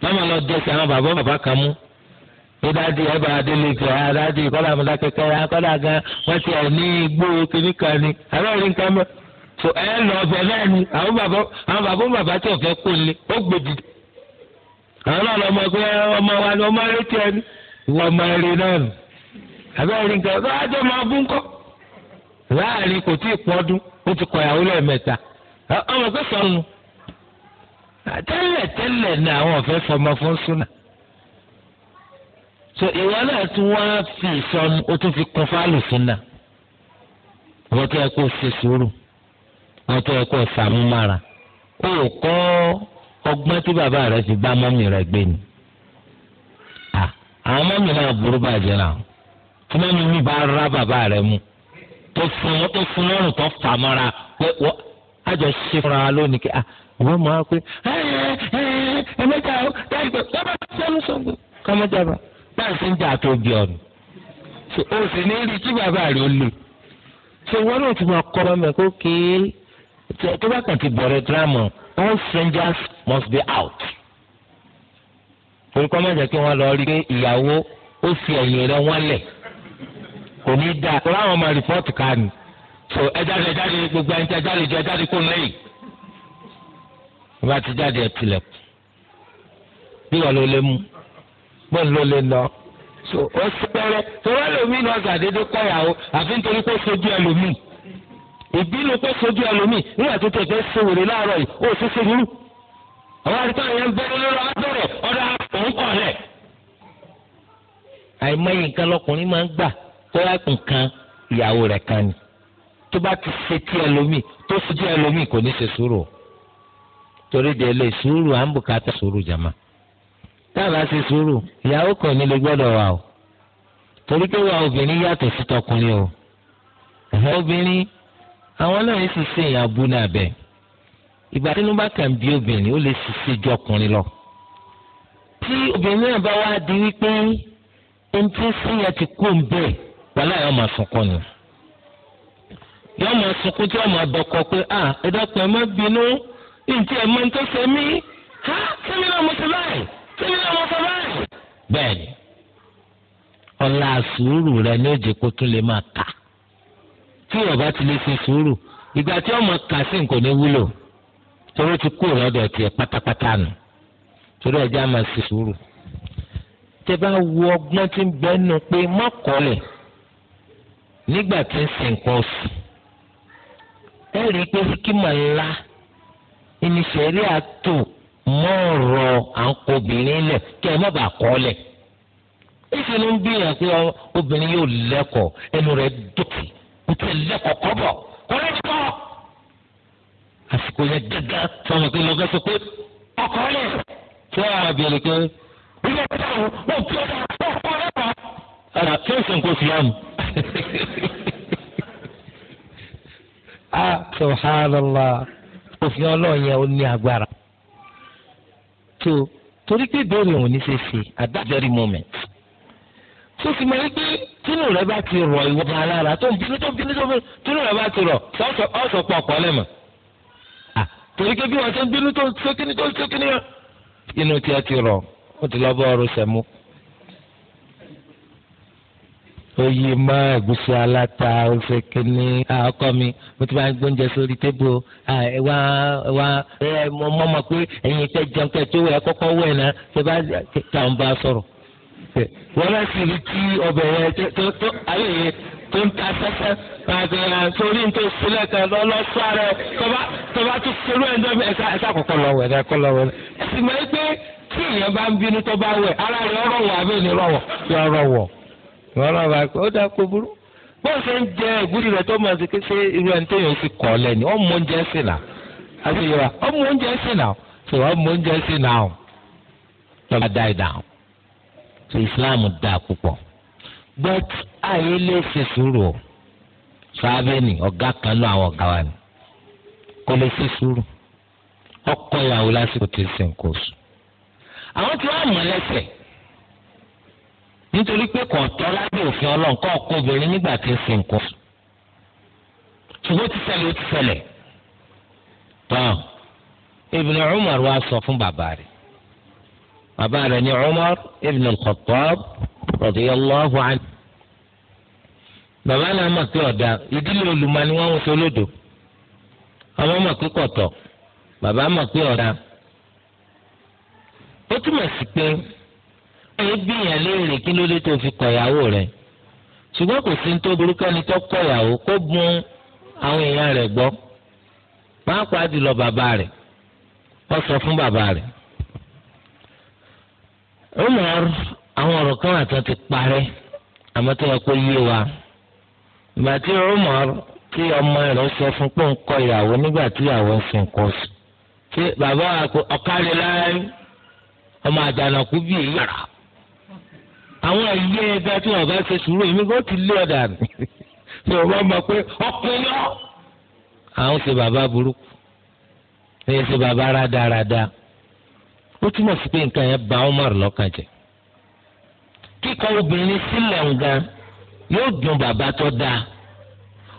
tọ́mọ lọ dẹ́sẹ̀ àwọn bàbá bàbá kan mú dídádi ẹ̀bà adélé kẹ́ adádi kọ́lá mi lákẹ́kẹ́ ya kọ́lá wọ́n ni ni àwọn bàbá àwọn bàbá tí kó ó gbèdì àwọn náà pé ọmọ wa ni ọmọ rẹ ni ìwọ ọmọ rẹ náà láàrin kò tí ì pọ́dún ó ti kọ ìyàwó lẹ́ẹ̀mẹ́ta ọmọ pé sọnù tẹ́lẹ̀ tẹ́lẹ̀ ni àwọn ọ̀fẹ́ fọmọ fún súnà so ìwọ náà tún wá fi ìsọnù ó tún fi kún fáàlù súnà wọ́n tó yẹ kó ṣe sùúrù wọ́n tó yẹ kó ṣàmúmára ó kọ́ ọgbọ́n tí bàbá rẹ̀ fi bá mọ́mì rẹ̀ gbé ni àwọn mọ́mì náà burú bàjẹ́ náà tí mọ́mì mi bá rá bàbá rẹ̀ mú tó fún tó fún lọ́rùn tó fà mọ́ra pé wọ́n àjọ ṣe fúnra wa lónìí kí wọ́n máa pé ẹ ẹ ẹ mẹ́ta ó dáì pé wọ́n bá sẹ́nu sọ̀gbọ́ kọ́mọ́jà bá báyìí sí ń jà tó bí ọ̀nù o sì ní rí kí bàbá rẹ̀ ó lè ṣe wọ́n náà ti máa kọ́ ọ mẹ́kó kéé tó bá kàn ti bọ̀rẹ̀ dírámù all strangers must be out orúkọ mọ̀jẹ̀ kí wọ́n lọ rí pé ìyàwó ó fi ẹ̀yìn rẹ̀ wọ́n lẹ̀ kò ní í da torí àwọn ọmọ rìpọ́ọ̀tì ká ni so ẹ jáde ẹ jáde gbogbo ẹni tí ẹ jáde jọ ẹ jáde kó lẹ́yìn bá ti jáde ẹ tilẹ̀ bí wọn ló lé mu bọ́ọ̀lù ló lé lọ so ó sẹ́rẹ́ torí ẹlòmíì náà sàdédé kọ́ ìyàwó àfi nítorí pé sojú ẹlòmíì ìbínú pé sojú ẹlòmíì nígbà tó tẹ̀sẹ̀ ṣe wèrè láàárọ̀ yìí ó ṣe ṣe rú àwọn àti táwọn yẹn ń bẹ́rẹ̀ lórí ọ̀dọ́rẹ̀ ọ̀dà òun kọ̀ àìmọye nǹkan lọkùnrin máa ń gbà bóyá nǹkan ìyàwó rẹ̀ kan ni tó bá ti fetí ẹlòmíì tó fojú ẹlòmíì kò ní ṣe sùúrù torí de lè sùúrù à ń bùkátà sùúrù jàmá táàbà ṣe sùúrù ìyàwó kan ní lè gbọ́dọ̀ wà o torí pé wa obìnrin yàtọ̀ sí tọkùnrin o obìnrin àwọn náà yìí sì ṣe èèyàn bú náà bẹ́ẹ̀ ìgbà tí inú kàn bí obìnrin ó lè ṣiṣẹ́ ju ọkùnrin lọ. tí obìnrin náà bá wá di wípé ohun tí ń sìn yẹn ti kú ń bẹ́ẹ̀ wàhálà yóò máa sunkún ni yóò máa sunkún tí yóò máa bọkọ pé à ẹ ẹ má bínú ǹtí ẹ máa ń tó ṣe ha sẹ́mi náà mo ti báyìí sẹ́mi náà mo ti báyìí. bẹ́ẹ̀ni ọlá sùúrù rẹ ní òjì kó tún lè máa kà tí ọba ti lè ṣe sùúrù ìgbà tí ọmọ kà sí nǹkan ní wúlò torí ti kú lọ́dọ̀ tiẹ̀ pátápátá nù torí ẹja máa ṣe sùúrù tẹ bá wo ọgbọ́n tí ń bẹ́ẹ̀ pé mọ́kọ́lẹ̀ nígbà tí ń sin nǹkan oṣù ẹ rí i pé síkímà ńlá ìníṣẹ́rí àtò mọ́ọ̀rọ̀ à ń kó obìnrin lẹ̀ kí ẹ má bàa kọ́ lẹ̀ ìṣẹ́ ló ń bíyàn pé obìnrin yóò lẹ́kọ̀ọ́ ẹnu rẹ̀ dọ̀tí kò lẹ́kọ̀ọ́ kọ́bọ̀ kọ́ lẹ́kọ̀ọ́ àsìkò yẹn gẹ́gẹ́ sọ̀rọ̀ pé lọ́gẹ́ sọ pé ọkọ̀ lẹ̀ tí wọ́n á bẹ̀rẹ̀ pé wọ́n fi ọ̀dà ọkọ̀ lẹ́kọ̀ọ́ a ah, subhanallah òfin ọlọ́run yẹn ó ní agbára tó torí pé ìbéèrè òun ní ṣeéṣe at that very moment tó ti mọ̀ wípé tínú rẹ bá ti rọ̀ ìwọ kan alára tó ń bínú tó ń bínú tó ń bínú tínú rẹ bá ti rọ̀ ọ̀sọ̀ pọ̀ ọ̀kọ́ lẹ́mọ̀ ah, torí pé bí wọ́n ti ń bínú tó ń sókínní tó ń sókínní inú tiẹ̀ ti rọ̀ ó ti lọ́ bọ́ ọrùn sẹ́mu oyè má ẹ̀gúsí aláta ọ̀sẹ̀ kìíní ọkọ mi mo ti máa ń gbóúnjẹ sórí tébù ẹ wá ẹ wá ẹ mọ mọ pé ẹ̀yin tẹ jẹun tẹ tó wẹ̀ kọ́kọ́ wẹ̀ náà tẹ bá tà ń bá sọ̀rọ̀ wọ́n bá sì rí tí ọbẹ̀ yẹn tó tó ayé yẹn tó ń ta sẹ́sẹ́ pàṣẹ sórí ní tó sílẹ̀ kan lọ́lọ́sọ rẹ̀ tó bá tó sọ́rú ẹ̀ ẹ̀ ẹ̀sà kọ̀kọ́ lọ wẹ̀ kọ́ lọ wẹ̀ rẹ̀ ẹ̀sìn mọ́ ẹ tí èèyàn bá ń bínú tó bá wẹ̀ ara rẹ̀ ọ̀rọ̀ wọ̀ àbẹ́ ni rọ̀wọ̀ yọ ọ̀rọ̀ wọ̀. wọn náà bá pé ó kó burú bọ́ọ̀ ṣe ń jẹ rẹ̀ tó máa ṣe ké ṣe irú ẹni kọ́ lẹ́ni ọmọ oúnjẹ nà ọmọ oúnjẹ nà ṣe ọmọ oúnjẹ ọ dá ìdá Islam púpọ̀ but lè ṣe sùúrù o ọ̀gá kan lọ àwọn ọ̀gá wa ni ọkọ ìyàwó lásìkò tí ń sìn àwọn tí wọ́n nítorí pé kọ̀ọ̀tọ́ lábẹ́ òfin ọlọ́run kọ́ ọkọ obìnrin nígbà tí ń sin nǹkan ṣùgbọ́n ti ṣẹlẹ̀ ó ti ṣẹlẹ̀ tán Umar wa sọ fún bàbá rẹ̀ bàbá rẹ̀ ni Umar ibn al-Khattab radiyallahu anhu bàbá náà mọ̀ pé ọ̀dà ìdílé olùmọ̀ ni wọ́n ń sọ lódò ọmọ mọ̀ pé kọ̀tọ̀ bàbá mọ̀ pé ọ̀dà ó túmọ̀ sí pé. èébì yẹn léèrè kí ló dé tó fi kọ̀ ìyàwó rẹ̀ ṣùgbọ́n kò sí tó burúkú ẹni tó kọ̀ ìyàwó kó bùn àwọn èèyàn rẹ̀ gbọ́ pàápàá jùlọ bàbá rẹ̀ ó sọ fún bàbá rẹ̀ ó mọ àwọn ọ̀rọ̀ kan àtàn ti parẹ́ àmọ́ tó yẹ kó yé wa ìgbà tí ó mọ tí ọmọ rẹ̀ sọ fún pé ń kọ̀ nígbà tí ìyàwó ń sin nǹkan sùn ṣé bàbá ọ̀kárí láyé ọmọ àdànàkú bíi yàrá àwọn ẹyẹ ẹgbẹ tí wọn bá ṣe sùúrù èmi kò ti lé ọdà nù ṣe [LAUGHS] wọn mọ pé ọkùnrin yọ. àwọn ṣe bàbá burúkú ẹyẹ ṣe bàbá rádaràda ó túmọ̀ sí pé nǹkan yẹn bà Umar lọ́kàn jẹ́ kíkọ obìnrin sílẹ̀ nǹkan yóò dùn bàbá tó dáa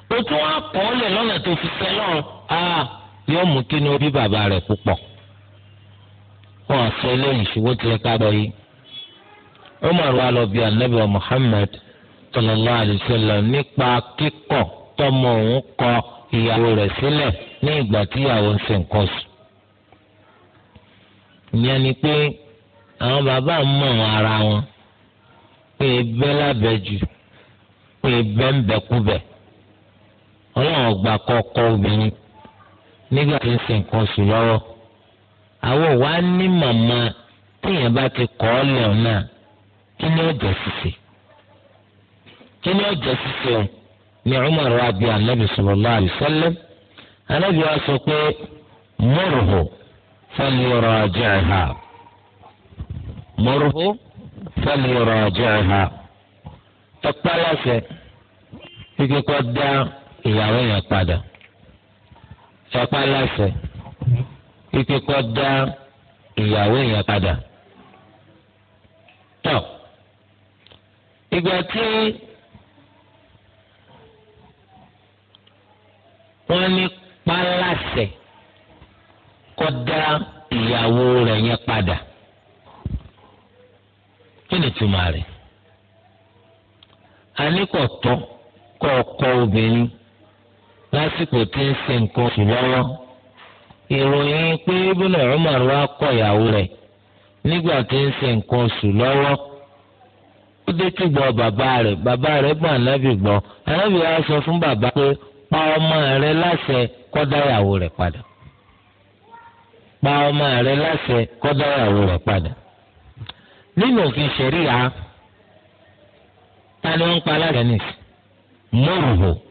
o tún wá kọ́ ọ lẹ̀ lọ́nà tó fi sẹ́lọ̀ a yóò mú kí ni orí bàbá rẹ̀ púpọ̀ wọn sọ eléyìí ṣùgbọ́n tilẹ̀ ká lọ yìí. Umar wa lọ bí anabi wa Muhammad sallallahu alayhi wa sallam nípa tọmọ òun kọ ìyàwó rẹ̀ sílẹ̀ ní ìgbà tí ìyàwó ń ṣe nǹkan sùn. ìyẹn ni pé àwọn bàbá mọ̀ ara wọn pé bẹ́ẹ̀ lábẹ́jù pé bẹ́ẹ̀ ń bẹ́kúbẹ̀ ọlọ́run ọgbà obìnrin nígbà tí ń sùn lọ́wọ́ àwọn wa ní màmá tíyẹn bá ti kọ́ ọ́ náà kí ni ọjọ́ ṣiṣẹ́ kí ni ọjọ́ ṣiṣẹ́ o ni Umar rabi anabi sallallahu alaihi wasallam anabi wa sọ pé murhu falyuraji'ha murhu falyuraji'ha tọpẹ aláṣẹ kíkẹ kọ dá ìyàwó yẹn padà tọpẹ aláṣẹ kíkẹ kọ dá ìyàwó yẹn padà tọ. ìgbà tí wọ́n ní pálásẹ kó dá ìyàwó rẹ̀ yẹn padà kí ni túmọ̀ rẹ̀ aníkọ̀tọ́ kọ́ ọkọ obìnrin lásìkò tí ń ṣe nǹkan oṣù lọ́wọ́ ìròyìn pé ibùdó Umar wá kọ ìyàwó rẹ̀ nígbà tí ń ṣe nǹkan oṣù lọ́wọ́ ó dé tí gbọ́ bàbá rẹ̀ bàbá rẹ̀ gbọ́ ànábì gbọ́ ànábì sọ fún bàbá pé pa ọmọ rẹ̀ láṣẹ kó rẹ̀ padà pa ọmọ rẹ̀ láṣẹ kó rẹ̀ padà nínú òfin ta ni wọ́n ń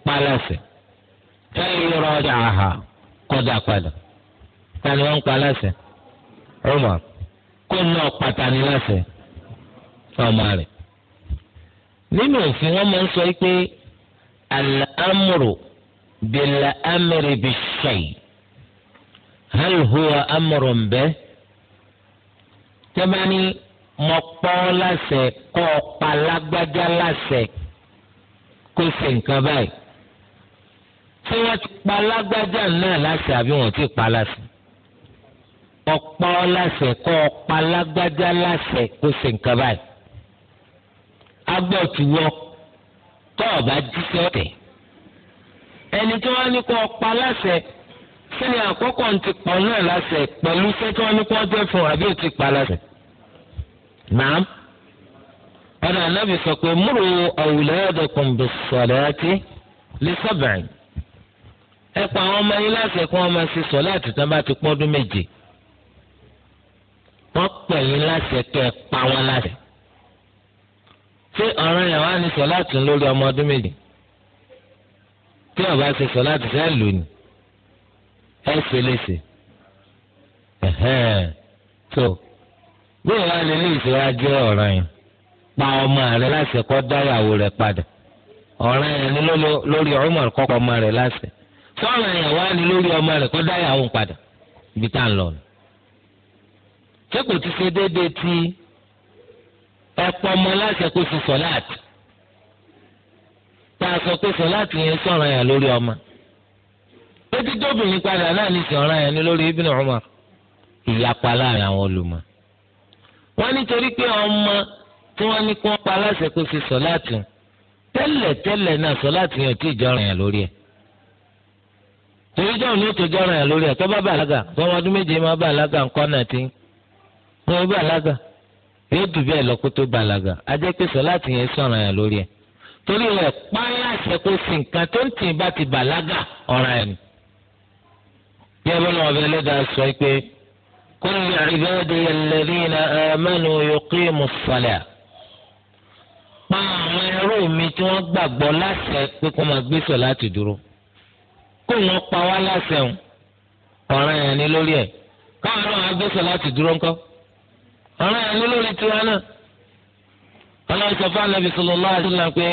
pa pa fẹ́ẹ́ yọrọ ọjà àhà padà nínú òfin wọn máa ń sọ pé al-amru bil-amri bish-shay hal huwa amrun bih tẹ́bá ní mo pa ọ́ láṣẹ kọ́ ọ pa lágbájá láṣẹ kó tí wọ́n ti pa náà láṣẹ àbí wọ́n ti pa láṣẹ ọ̀pá ọ́ láṣẹ kọ́ ọ pa lágbájá láṣẹ kó ṣe abọ́ tiwọ́ tọ́ ọ̀bá jíṣẹ́ ọ̀tẹ̀ ẹni tí wọ́n ní kó pa láṣẹ sẹ́ni àkọ́kọ́ ti pọ̀ náà láṣẹ pẹ̀lú iṣẹ́ tí wọ́n ní kó jẹ́ fún àbí ò ti pa láṣẹ. nàám ọ̀nà ànábì sọ pé múrò awladakum bis-salati li sab'in ẹ pa àwọn ọmọ yín láṣẹ kí wọ́n máa ṣe sọ̀láàtì tán bá ti pọ́dún méje wọ́n pè yín láṣẹ kẹ́ ẹ pa wọ́n láṣẹ ṣé ọ̀ràn yẹn wá ní sọ̀láàtì lórí ọmọ ọdún méjì tí ó bá ṣe sọ̀láàtì fẹ́ lò ní ẹ ṣe léṣe tó bí ìwà lè ní ìṣòro jẹ́ ọ̀ràn yẹn pa ọmọ rẹ láṣẹ kó dáyàwó rẹ padà ọ̀ràn yẹn ni lórí Umar kọ́kọ́ ọmọ rẹ láṣẹ sọ̀ràn yẹn wá ní lórí ọmọ rẹ kó dáyàwó padà ibi tá à ń lọ. ṣé kò ti ṣe déédéé tí ẹ̀pọ̀ ọmọ aláṣẹ kó ṣe sọ̀láàtì tá a sọ pé sọ̀láàtì yẹn sọ̀rọ̀ yẹn lórí ọmọ títí tóbìnrin padà náà ní sọ̀rọ̀ yẹn ní lórí Ibn Umar ìyapa láàrin àwọn olùmọ̀ wọ́n nítorí pé ọmọ tí wọ́n ní kí wọ́n pa aláṣẹ kó ṣe sọ̀láàtì tẹ́lẹ̀ tẹ́lẹ̀ náà sọ̀láàtì yẹn ò tí ì jọ̀rọ̀ yẹn lórí ẹ̀ torí jọ̀rọ̀ ni tó jọ̀rọ̀ yẹn lórí ẹ̀ tó bá bàlágà tọ́wọ́ ọdún méje máa bàlágà ńkọ́ yóò dùn bẹ́ẹ̀ lọ́kọ́ tó balaga ajẹ́ pé sọ láti yẹn sọ̀rọ̀ yẹn lórí ẹ̀ torí rẹ̀ páyà àṣẹkù sí nǹkan tó ń tì bá ti balaga ọ̀ràn ẹ̀ ni. bí ẹ bá lọ́wọ́ ipe. lẹ́dàá sọ pé kúlù ìbádìí alladhina amanu yuqimus salah. pa àwọn ẹrú mi tí wọ́n gbàgbọ́ láṣẹ pé kó máa láti dúró kó pa wá láṣẹ ọ̀ràn ẹ̀ ni lórí ẹ̀ káwọn á gbé sọ ọ̀rọ̀ ẹ̀ ní lórí tiwa náà ọlọ́run sọ fún anabi sallallahu alaihi wasallam pé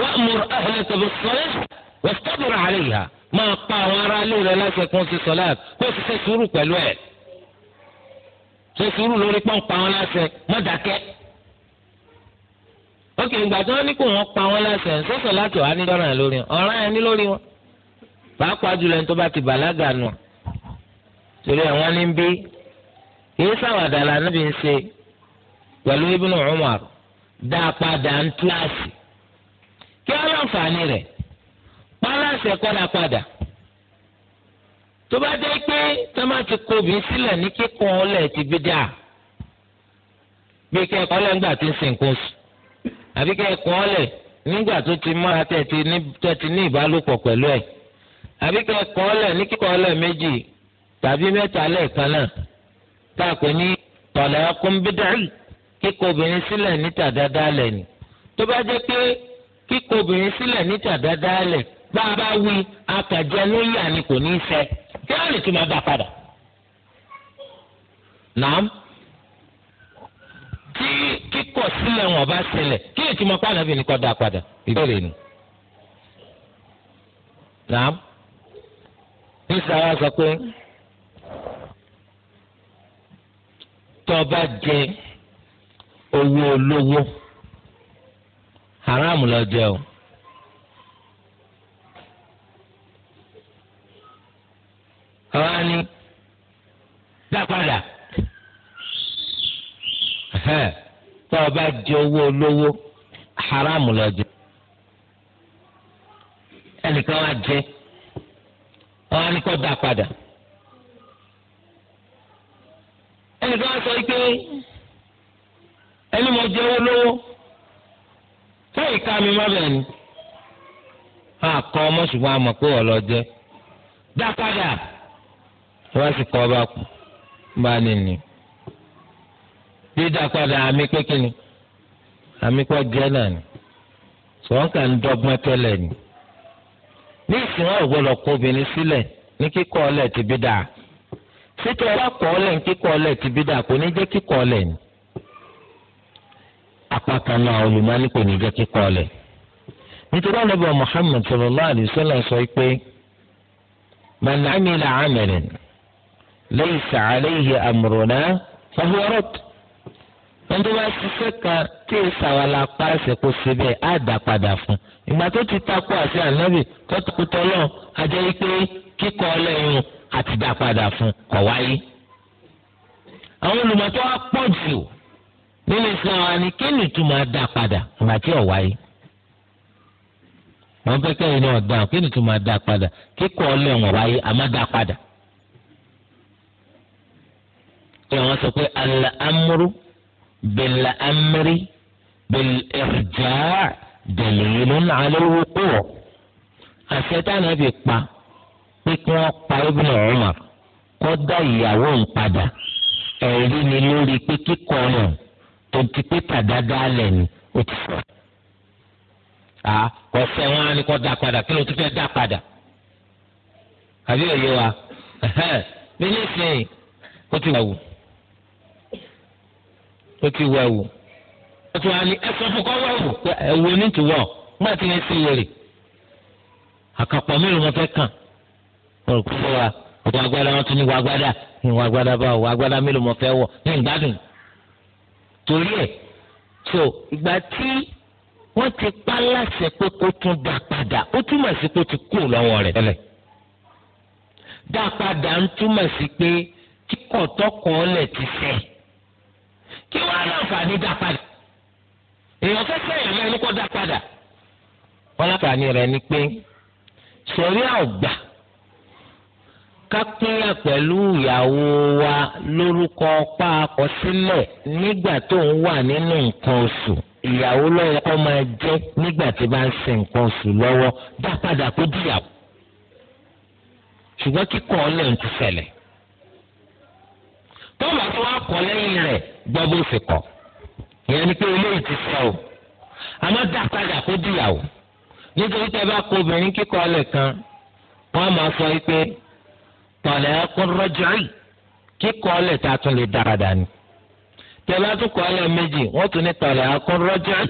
wa'mur ahlaka bis-salati wastabir 'alayha máa pa àwọn ará ilé rẹ láṣẹ kó ṣe sọlá kó sì ṣe sùúrù pẹ̀lú ẹ̀ ṣe sùúrù lórí pọ́ǹpà wọn láṣẹ má dákẹ́ ókè ìgbà tí wọ́n ní kó wọ́n pa wọn láṣẹ ṣẹṣẹ láti wà ní dọ́ràn lórí wọn ọ̀ràn ẹ̀ ní lórí wọn pàápàá jùlọ ẹni tó bá ti bàlágà nù torí ẹ̀ wọ́n ní bí kìí sáwàdà lànàbí ń ṣe pẹ̀lú Umar dá padà kí ọlọ́nfààní rẹ pálásì kọ́dà padà tó bá dé pé ti ní ti bí dáa bí kẹ́kọ̀ọ́ ńgbà ń sìn kó sùn àbí ti mọ́ra tẹ̀ ti ní ìbálòpọ̀ pẹ̀lú ẹ̀ àbí ní méjì tá a pè ní talaqun bid'i kíkọ obìnrin sílẹ̀ níta dáadáa lẹ̀ ni tó bá jẹ́ pé kíkọ obìnrin sílẹ̀ níta dáadáa lẹ̀ bá a bá wí akàjẹ́ ló ni kò ní í fẹ́ kí wọ́n lè tún máa dá padà. nàám tí kíkọ sílẹ̀ wọn bá ṣẹlẹ̀ kí ètò ìmọ̀ pàdánù bìnrin kọ́ dá padà ìbéèrè ni. nàám ní sàrà sọ pé. tó bá jẹ owó olówó haram ló jẹ o. àwa ni dá padà tó bá jẹ owó olówó haram ló jẹ ẹnìkan wá jẹ àwa ni kó dá padà. ẹnìkan sọ pé ẹni mo jẹ owó lówó ìka mi má bẹ̀rẹ̀ ni kọ ọmọ ṣùgbọ́n àmọ̀ pé ọ̀lọ́ jẹ dá padà wọ́n sì kọ́ ọba bá dídá padà àmì pé ni àmì pé ọjẹ́ náà ni kà ń dọ́gbọ́n ni ní ìsìn wọn ò gbọ́dọ̀ kó ti bí sítọ̀ wá kọ́ ọ lẹ̀ ń kíkọ́ ọ lẹ̀ ti bí dà kò ní jẹ́ kíkọ́ ọ lẹ̀ ni. apákan náà olùmọ́ni kò ní jẹ́ kíkọ́ ọ lẹ̀. nítorí ànábì Muhammad sallallahu alayhi wa sallam sọ pé man amila amalan laysa alayhi amruna fahuwa wọ́n tó bá ṣiṣẹ́ kan tí ìsàwọ̀lá pàṣẹ kò sí á dà padà fún. ìgbà tó ti takò àti ànábì tó takò tọ́lọ́ àti dá padà fún kọ̀ wáyé. àwọn olùmọ̀tọ́ wa pọ̀ jù nínú ìsìn àwọn ni kí ni ìtumọ̀ dá padà ìgbà tí ọ̀ wáyé. wọ́n fẹ́ kẹ́yìn ní ọ̀daràn kí ni ìtumọ̀ dá padà kíkọ́ ọlẹ́wọ̀n wáyé àmọ́ dá padà. pé wọ́n sọ pé ala amúrú bẹ̀là amúrí bẹ̀là ẹ̀rọ̀jà dẹ̀lẹ́yìn lónà alẹ́ wọ́pọ̀ àṣẹ táwọn ẹ̀bí pa pé kí wọ́n pa Ibn Umar kó dá ìyàwó ń padà ẹ̀rí ni lórí pé kíkọ́ ọ̀nà tó ti pé tàdágá lẹ̀ ni ó ti sọ. ọ̀sẹ̀ wọn á ní kó dá padà kí ló ti fẹ́ dá padà. àbí òye wa bí nísìnyí ó ti wẹ̀wù ó ti wẹ̀wù ó ti wà ní ẹ̀sọ́ fún kọ́ wẹ̀wù ẹ̀wù onítùwọ̀ mọ́ àti ẹ̀sìn wèrè àkàpọ̀ mélòó mo fẹ́ kàn wọn kú fún wa wọ agbada wọn tún ní wọ agbada ní wọ agbada báwo wọ agbada mélòó mọ fẹ́ wọ ní ìgbádùn torí ẹ̀ so ìgbà tí wọ́n ti pa láṣẹ pé kó tún dá padà ó túmọ̀ sí pé ó ti kú lọ́wọ́ rẹ̀ tẹ́lẹ̀ dá padà ń túmọ̀ sí pé kíkọ̀ tọkọ̀ ọ̀lẹ̀ ti fẹ́ kí wọ́n á láǹfààní dá padà èèyàn fẹ́ sẹ́yìn lẹ́nu kó dá padà wọ́n láǹfààní rẹ̀ ni pé sọ̀rí àgbà kápẹ́yà pẹ̀lú ìyàwó wa lórúkọ páàkọ sílẹ̀ nígbà tó ń wà nínú nǹkan oṣù ìyàwó lọ́wọ́ kọ́ máa jẹ́ nígbà tí bá ń ṣe nǹkan oṣù lọ́wọ́ dá padà kó jìyàwó ṣùgbọ́n kíkọ́ ọ̀lẹ́ ń tún ṣẹlẹ̀ tọ́lá tó wá kọ́ lẹ́yìn rẹ̀ gbọ́ bó ṣe kọ́ ìyẹn ni pé ilé ti sọ o àmọ́ dá padà kó jìyàwó nítorí tẹ́ bá kó obìnrin kíkọ́ ọ̀lẹ́ kan wọ́n á máa sọ pé talaqur raj'i kíkọ́ ọ̀lẹ̀ tá a tún lè dáradà ni tẹ̀lé àtúkọ̀ ọ̀lẹ̀ méjì wọ́n tún ní talaqur raj'i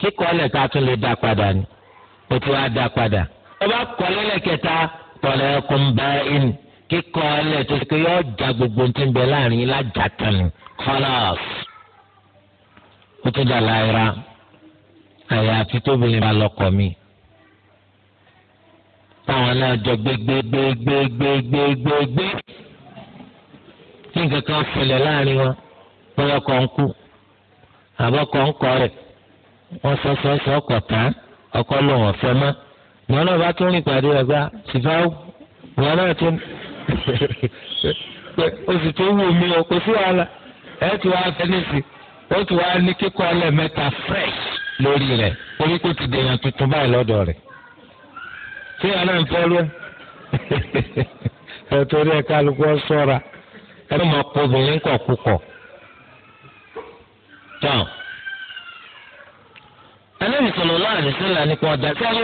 kíkọ́ ọ̀lẹ̀ tá a tún lè dá padà ni o ti wá dá padà ẹ bá kọ́ ọ̀lẹ̀ kẹta talaqun ba'in kíkọ́ ọ̀lẹ̀ tó ṣe pé yọ ọjà gbogbo ti ń bẹ láàrin yín lájà tán ni khalas ó tún dà láyra àyàfi tóbi lè má lọkọ̀ táwọn náà jọ gbégbégbégbégbégbégbé tí nǹkan kan fẹlẹ̀ láàrin wọn bọ́lá ń kú àbọ̀ ń kọ́ rẹ̀ wọ́n sọ sọ sọ ọkọ̀ ọkọ̀ ló fẹ́ mọ́ ìwọ náà bá tún rìn pàdé rẹ̀ gbá ìwọ náà tún sì wù mí o kò sí wàhálà ẹ tí wọn náà ń fọlú ẹ torí ẹ kálukú ọ ṣọ́ra ẹ ló máa kó obìnrin kọkúkọ tán ẹlẹ́yìn sọ̀rọ̀ láàrin nípa tí a lè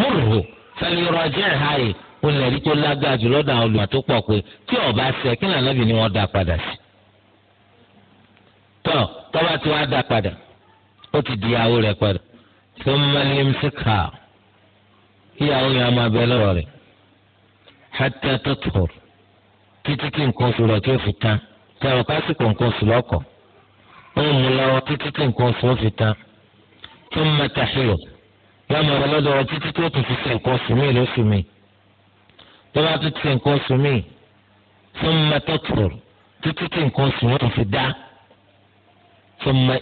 múrùú fẹ́ẹ́ rọ jẹ́ ìháyè olùdarí tó lágbára tó pọ̀ ọba ṣe kí ànábì ni tọ́ tọ́ba tí wọ́n á di rẹ̀ padà ìyàwó yẹn a máa bẹ lọ́rọ̀ rẹ̀ hátà tọ́tùkọ̀ títí tí nǹkan oṣù rẹ̀ tí ó fi tán tí àwọn kásìkò nǹkan oṣù lọ́kọ̀ ó mú lọ́wọ́ títí tí nǹkan oṣù ó fi tán tó ń mẹ́ta ṣèlò yọ ọmọ rẹ̀ lọ́dọ̀ rẹ̀ títí tó tún fi ṣe nǹkan oṣù míì lóṣù míì tó bá tún ṣe nǹkan oṣù míì tó ń mẹ́ta tọ́tùkọ̀ títí tí nǹkan oṣù ó tún fi dá tó ń mẹ́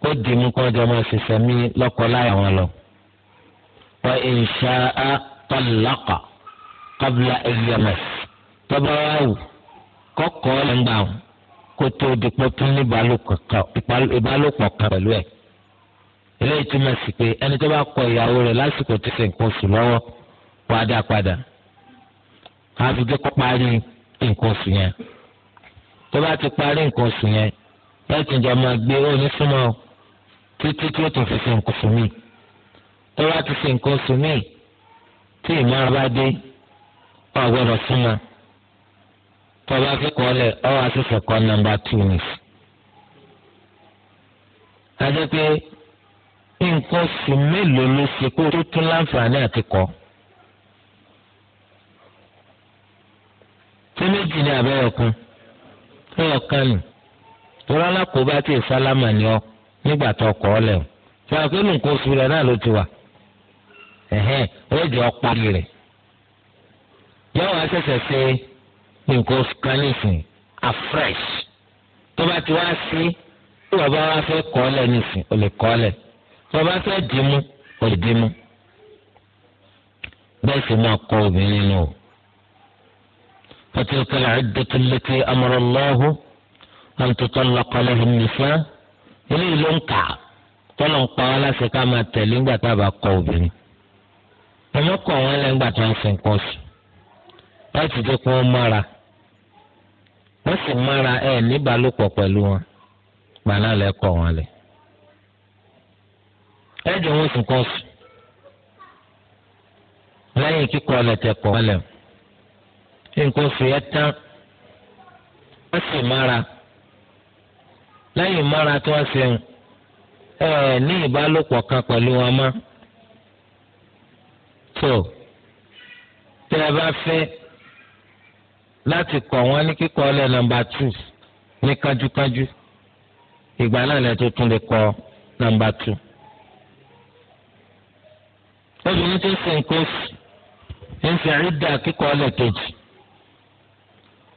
kó dì mú kó jọ máa ṣẹṣẹ mí lọ́kọ láyà wọn lọ. wa in sha'a talaqa qabla an yamas tọ́ba wá wù kọ́kọ́ lẹ́ngbà kó tó di pọ́tún ní ìbálòpọ̀ kan pẹ̀lú ẹ̀. eléyìí túmọ̀ sí pé ẹni tó bá kọ ìyàwó rẹ̀ lásìkò tó ṣe nǹkan oṣù lọ́wọ́ padà padà káfí parí nǹkan oṣù yẹn tó bá ti parí nǹkan oṣù yẹn lẹ́tìjọ́ máa gbé onísùnmọ́ ọ́ títí tí ó tún fi ṣe nǹkan fún mi tó bá ti ṣe nǹkan fún mi tí ìmọ̀ràn bá dé ọ̀ gbọ́dọ̀ fún ma tó bá fi kọ́ lẹ̀ ọ́ wá sí sẹ̀kọ́ nàmbà tù ní. adé pé nǹkan fún mélòó ló ṣe kó tó tún láǹfààní àti tí méjì ní abẹ́yọkun ẹ̀yọkan nù tó rárá kó bá ti sálámà ní ọkọ̀ nígbà tó kọ́ ọ lẹ̀ o tí a pé nǹkan oṣù rẹ̀ náà ló ti wà ẹ̀hẹ́n ó jẹ́ ọparí rẹ̀ yóò wá ṣẹ̀ṣẹ̀ ṣe nǹkan oṣù kan nísìnyí afresh tó bá ti wá sí tí bàbá wa fẹ́ kọ́ ọ lẹ̀ nísìnyí o lè kọ́ ọ lẹ̀ tí bàbá fẹ́ dìímú o lè dìímú bẹ́ẹ̀ sì máa kọ́ obìnrin nù o. فتلك العدة التي أمر الله أن تطلق لها النساء eléyìí ló ń kà tọ́lọ̀ ń pa wá láṣẹ ká máa tẹ̀lé ńgbà tá a bá kọ obìnrin ẹ̀mí kọ̀ wọ́n lẹ́ tó ń sin pọ̀ sí láti jẹ́ kí wọ́n mára wọ́n sì mára ẹ̀ níbálòpọ̀ pẹ̀lú wọn gbaná lẹ́ kọ̀ wọ́n lẹ̀ ẹ̀ jẹ́ wọ́n sin pọ̀ sí lẹ́yìn ìmọ̀ra tí wọ́n ṣe ń ẹ ní ìbálòpọ̀ kan pẹ̀lú wọn mọ́. tó tẹ́ ẹ bá fẹ́ láti kọ̀ wọ́n ní kíkọ́ ọlẹ́ nọ́mbà two ní kánjúkánjú ìgbà náà lẹ́ tó tún lè kọ́ nọ́mbà two. obìnrin tó ṣe nǹkan oṣù ń fi àrídà kíkọ́ ọlẹ́ kejì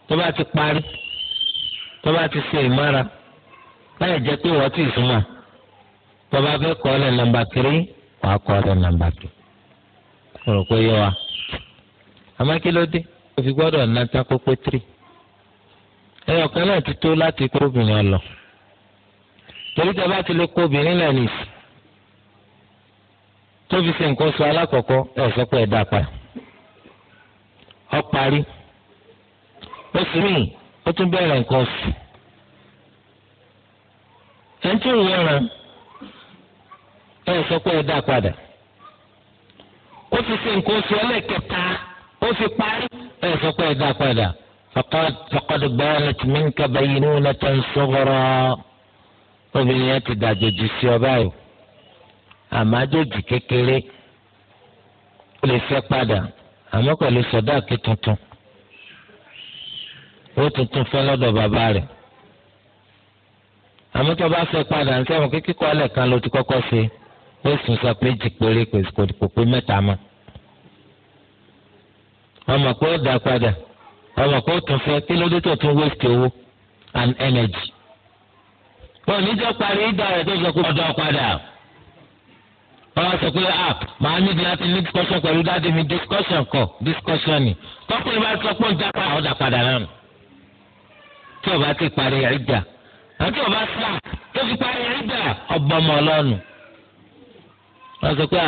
tó bá ti parí tó bá ti ṣe ìmọ̀ra láì jẹ́ pé wọ́n ti súnmọ́ tọ́ba fẹ́ kọ́ lẹ̀ nàmbà kiri wàá kọ́ lẹ̀ nàmbà tù mo rò pé yé wa àmọ́ kí ló dé o fi gbọ́dọ̀ ná tako pé tiri ẹyọ kan náà ti tó láti kó obìnrin ọlọ torí tẹ bá ti lè kó obìnrin náà nìyí tó fi ṣe nǹkan sọ alákọ̀ọ́kọ́ ẹ sọ pé ẹ dá pa ọ parí ó sì mí ó tún bẹ̀rẹ̀ nǹkan sùn ẹ̀ ń tí ìwé ràn ẹ̀ sọ pé ẹ dá padà ó ti ṣe nǹkan oṣù ẹlẹ́kẹta ó fi parí ẹ̀ sọ pé ẹ dá padà faqad banat minka baynunatan sughra obìnrin yẹn ti dàjòjì sí ọ báyìí àmájòjì kékeré ó lè fẹ́ padà àmọ́ pẹ̀lú sọ̀dáàkì tuntun ó tuntun fẹ́ lọ́dọ̀ bàbá rẹ̀ àmọ́ tó bá fẹ́ padà ń sẹ́wọ̀n kí kíkọ́ ọ̀lẹ̀ kan ló ti kọ́kọ́ ṣe ó sùn sọ pé jì péré kò pé mẹ́ta mọ́. ọmọ kó dá padà ọmọ kó tún fẹ́ kí ló tó tún waste owó and energy. wọn ní jẹ́ parí ìdá rẹ̀ tó sọ pé ọ̀dọ́ padà wọ́n sọ pé ah màá níbi láti ní discussion pẹ̀lú dáadé mi discussion kọ discussion ni tọ́kùnrin bá sọ pé ó ń jápa àwọn dà padà náà tí ọba ti parí ìjà àti ọba sílá tó fi parí rídà ọba ọmọ ọlọ́nu. wọ́n sọ pé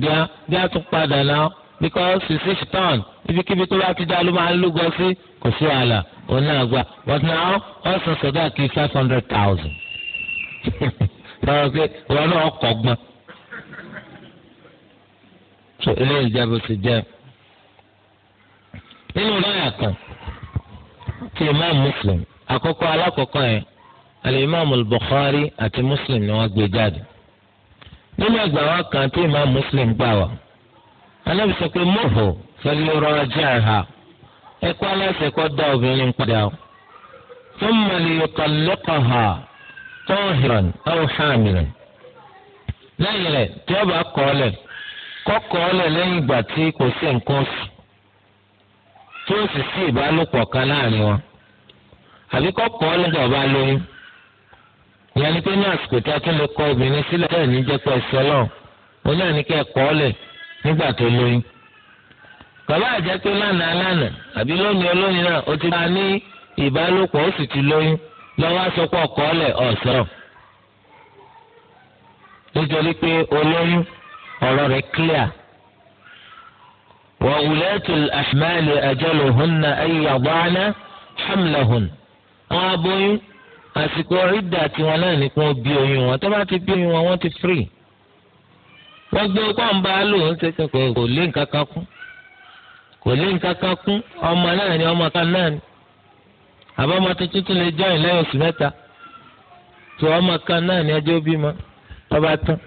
bíá bíá tún padà náà because you see stone ibikíbi tó bá ti dá ló máa ń lúgọ sí kò sí wàhálà òun náà gbà but now wọ́n san sọ̀dá kí five hundred thousand. lọ́wọ́ [LAUGHS] pé ìwọ náà kọ̀ gbọ́n. so eléyìí jẹ́ bó ti jẹ́. nínú lọ́yà kan tí imam muslim àkọ́kọ́ alákọ̀ọ́kọ́ yẹn alimami al-Bukhari àti Muslim ni wọ́n gbé jáde nínú ẹgbàá wa imam Muslim gbà wá anábì sọ pé mọ́fò fẹ́lẹ́ rọra jẹ́ àhà ẹ̀kọ́ aláṣẹ kọ́ da obìnrin padà ó ha tọ́hìrán ẹ̀wọ̀n hàmìrán lẹ́yìn rẹ̀ tí ọba ìyẹn ni pé ní àsìkò tí a tún lè kọ obìnrin sílẹ̀ bẹ́ẹ̀ ní jẹ́pẹ́ sọ́lọ̀ òun náà ní kẹ́ kọ́ lẹ̀ nígbà tó lóyún. bàbá àjẹ́ pé lánàá lánàá àbí lónìí olóyún náà ó ti máa ní ìbálòpọ̀ ó sì ti lóyún lọ́wọ́ àsopọ̀ kọ́ lẹ̀ ọ̀sán. nítorí pé olóyún ọ̀rọ̀ rẹ̀ clear. àsìkò rídà tiwọn náà ni kí wọ́n bí oyún wọn tó bá ti bí oyún wọn wọ́n ti free wọ́n gbé pọ́ǹba lòun ṣe kankan kò lé nǹkan kún kò lé nǹkan kún ọmọ náà ni ọmọ kan náà ni àbámọ́ tuntun tún lè jọyìn lẹ́yìn oṣù mẹ́ta tó ọmọ kan náà ni ẹjọ́ bímọ tọ́ba tán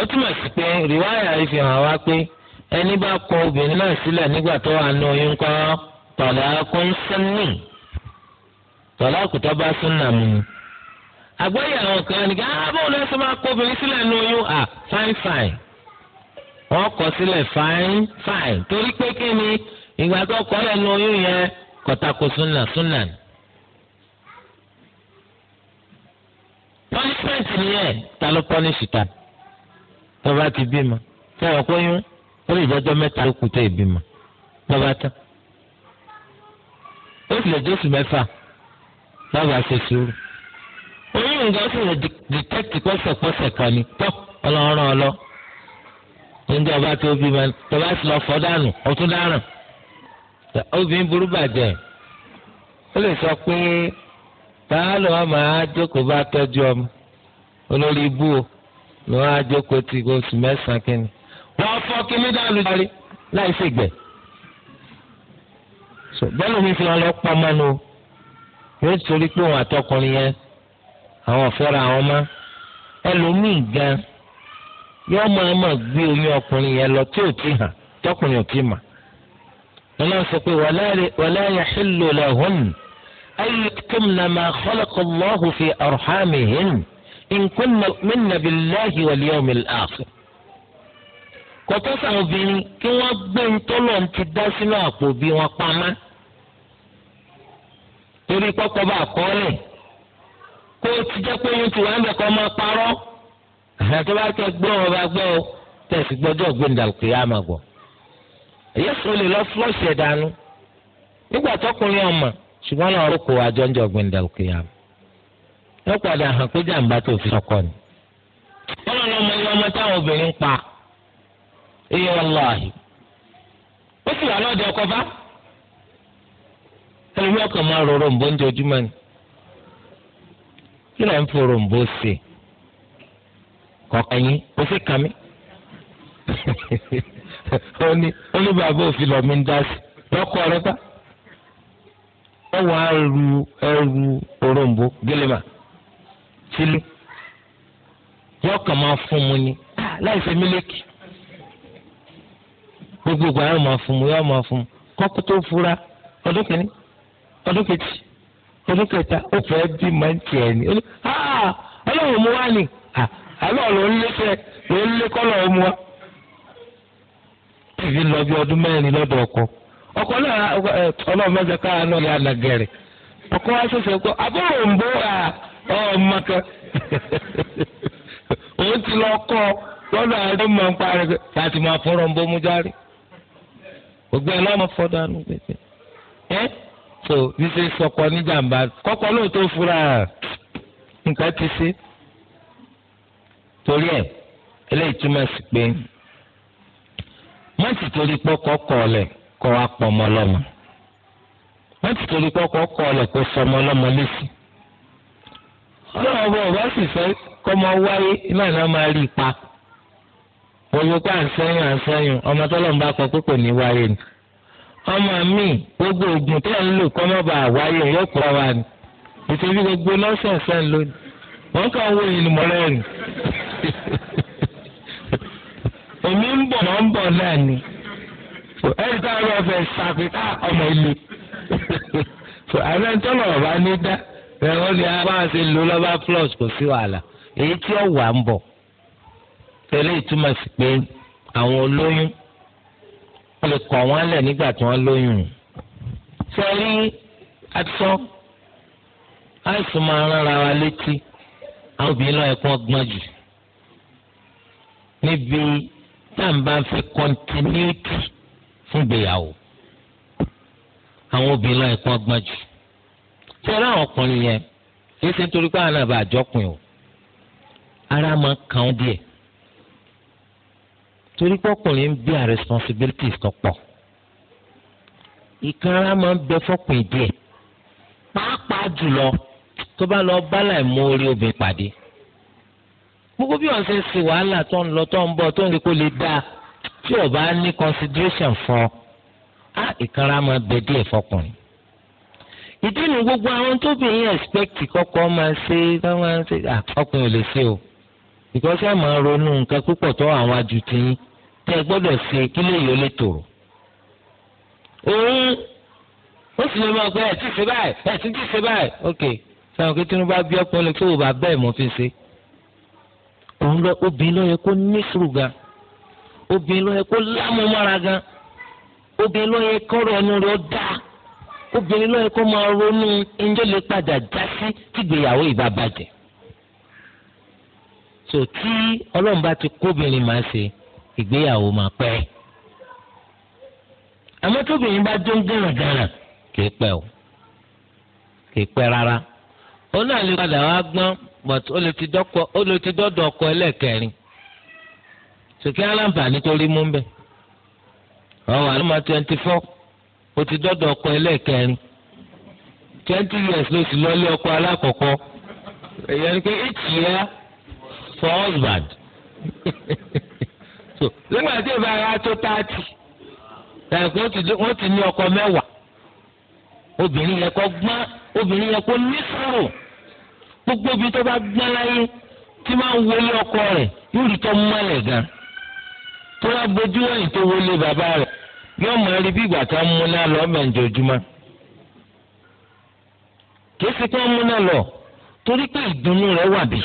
ó túmọ̀ sí pé rìwáyà hàn wá pé ẹni bá kọ obìnrin náà sílẹ̀ nígbà tó wà ní oyún kan tọ̀lá kó ń tọ́lá òkùtọ́ bá súnà mu ni. kan ní ká ah, bóun ṣe máa kó obìnrin oyún à ah, fine fine wọ́n kọ sílẹ̀ fine fine torí pé kí ni ìgbà tó kọ́ lẹ̀ ní oyún yẹn kọ́tàkó súnà súnà ni. ta ló ta tọ́ba ti bímọ ó lè jẹ́jọ́ mẹ́ta ló kù tó ìbímọ tọ́ba tán ó sì lọ́ba ṣe sùúrù. oyún nǹkan sì lè dìtẹ́kì pọ́sẹ̀pọ́sẹ̀ kan ni tọ́ ọlọ́run ọlọ́. oúnjẹ ọba tó bí ma tọ́ba sì lọ fọ́ dànù ọtún dáràn. obìnrin burú bàjẹ́ ó lè sọ pé báàlù ọmọ àjókòó bá tọ́jú ọmọ olórí ibú o ni wọ́n àjókòó ti oṣù mẹ́sàn-án kínní. wọ́n fọ́ kínní dànù jáde láì ṣègbè. bẹ́ẹ̀ ló fi fi ọlọ́pàá mọ́nu o yóò torí pé òun àtọkùnrin yẹn àwọn ọ̀fẹ́ra àwọn ọmọ ẹlòmíì gan yóò máa máa gbé oyún ọkùnrin yẹn lọ tí ò ti hàn tọkùnrin ò ti mà lọ́nà sọ pé wala yahillu lahunna an yuktumna ma khalaqa Allahu fi arhamihinna in kunna yu'minna billahi wal yawmil akhir kọ́tọ́sà obìnrin kí wọ́n gbé ń tọ́lọ̀ ti dá sínú àpò bí wọ́n pamá. torí pọ́pọ́ bá kọ́ lẹ̀ kó o ti jẹ́ pé oyún ti wà ń bẹ̀ kọ́ máa parọ́ àti bá kẹ́ gbọ́ ọ bá gbọ́ ọ tẹ̀sí gbọ́dọ̀ gbẹ̀ndà òkè á máa gbọ́ èyí sọ lè lọ ẹ̀ dànù nígbà tọkùnrin ọmọ ṣùgbọ́n náà padà hàn pé jàǹbá tó fi sọkọ ni wọ́n ẹlòmíì ọkàn máa rọ ròǹbó ń dojúmọ́ ni kí ló ń fi ròǹbó ṣe kọ̀ọ̀kan yín ó sì kà mí [LAUGHS] ó ní ó ní bàbá òfin lọ́ọ́ mi ń dá sí lọ́kọ̀ rẹ pa wọ́n wá ẹrù ẹrù òròǹbó gẹ́lẹ́mà sílé yọ kàn máa fún mu ni láì mílíkì gbogbo ìgbà máa fún mu yọ máa fún mu kọ́kú fura ọdún kìíní ọdún kejì ọdún kẹta ó fẹ́ bí máa ń tiẹ̀ ni ọlọ́run mú wá ni àlọ́ ló ló ń lékọ́ lọ́wọ́ mú wá. tìfi lọ bí ọdún mẹ́rin lọ́dọ̀ ọkọ ọkọ náà ọlọ́run mẹ́jọ náà ọkọ wa ń ọmọ kan [LAUGHS] òun ti lọ kọ́ lọ́dọ̀ máa ń parí láti máa fọ́rọ̀ ń so ṣíṣe sọkọ níjàmbá kọkọ lóòótọ́ fura nǹkan ti ṣe torí ẹ̀ eléyìí túmọ̀ sí pé wọ́n sì torí pọ́kọ́ kọ́ ọ̀lẹ̀ kọ́ wa pọ̀ ọmọ ọlọ́mọ wọ́n sì torí pọ́kọ́ kọ́ ọ̀lẹ̀ kó sọ ọmọ ọlọ́mọ lẹ́sì ọlọ́wọ́ ọba sì fẹ́ wáyé náà náà máa rí i pa gbogbo ọmọ kò ní wáyé ni. ọmọ mi gbogbo oògùn tó ń lò kọ́ mọ́ bá wáyé yóò kọ́ wa ni ìtòbí gbogbo lọ́sẹ̀ẹ̀sẹ̀ lónìí wọ́n kàn wọ ìnumọ̀lẹ́ ni èmi ń bọ̀ mọ́ ń bọ̀ náà ni ẹ̀rí táwọn ọ̀fẹ́ sàpèká ọmọ ilé àbẹ̀ ń tọ́lọ̀ ọ̀bá ní dá bẹ́ẹ̀ wọ́n ní abá ṣe lò lọ́ba plus kò sí wàhálà èyí tí ó wà ń bọ̀ tẹ́lẹ̀ ìtumọ̀ sí pé àwọn olóyún wọ́n lè kọ̀ wọ́n lẹ̀ nígbà tí wọ́n lóyún. sẹ́rí atọ́ àìsàn máa ń rárá wa létí àwọn obìnrin náà ẹ̀kọ́ gbọ́n jù níbi tá à ń bá fẹ́ kọ́ńtínúìtì fún ìgbéyàwó àwọn obìnrin náà ẹ̀kọ́ gbọ́n jù. sẹ́rí àwọn ọkùnrin yẹn kì í ṣe nítorí pé àwọn àbàjọ́kùn o ara máa kàn án díẹ̀ torí pọ́kùnrin ń bí à responsibilities tó pọ̀ ìkanra máa ń bẹ fọ́kùnrin díẹ̀ pàápàá jùlọ tó bá lọ bálà ìmú orí obìnrin pàdé gbogbo bí wọn ṣe ń ṣe wàhálà tó ń lọ tó ń bọ̀ tó ń rí kó lè dáa tí o bá ní consideration fún ọ á ìkanra máa bẹ díẹ̀ fọ́kùnrin ìdí nu gbogbo àwọn tóbìnrin expect kọ́kọ́ máa ṣe ká máa ṣe ọkùnrin ò lè ṣe o because ẹ máa ronú nǹkan púpọ̀ tó àwọn ajú ti yín tẹ́ ẹ gbọ́dọ̀ ṣe kí lèyìn ó lè tòrò. òun ó sì lè máa gbé ẹ̀ tí ṣe báyìí ẹ̀ tí ti ṣe báyìí ok sáwọn kí tinubu bá bí ọpọlọ tó bá bẹ́ẹ̀ mọ́ fi ṣe. òun lọ obìnrin ló yẹ kó ní sùúrù gan obìnrin ló yẹ kó lámúmára gan obìnrin ló yẹ kọ́rọ̀ ẹnu rẹ̀ dáa obìnrin ló yẹ kó máa ronú ẹjọ́ lè padà já sí tìgbéyàwó ìbá bàjẹ́. sòtí ọlọ́run bá ti kóbìnrin máa ṣe. So, ìgbéyàwó máa pẹ́. àmọ́ tóbìnrin bá jó ń gàràgàrà kìí pẹ́ o kìí pẹ́ rárá. ó náà lè padà wá gbọ́n but ó lè ti dọ́dọ̀ ọkọ ẹlẹ́kẹrin. sòkè aláǹfààní tó rí mú bẹ́ẹ̀. ọ̀wà ló máa twenty four ó ti dọ́dọ̀ ọkọ ẹlẹ́kẹrin. twenty years ló sì lọ́lé ọkọ alákọ̀ọ́kọ́. èyí ni pé each year for husband. [LAUGHS] so nígbà tí ìbá ara tó táàtì wọ́n ti ní ọkọ mẹ́wàá obìnrin yẹn kọ́ gbọ́n obìnrin yẹn kó ní sùúrù gbogbo ibi tó bá gbọ́n láyé tí máa ń wọlé ọkọ rẹ̀ yóò rí tọ́ mọ́lẹ̀ gan tó bá bójú ẹ̀yìn tó wọlé bàbá rẹ̀ yóò mọ ẹrí bí ìgbà tó ń múná lọ mẹ́jọ̀ọ́júmọ́ kìí sì kó ń múná lọ torí pé ìdùnnú rẹ̀ wà bí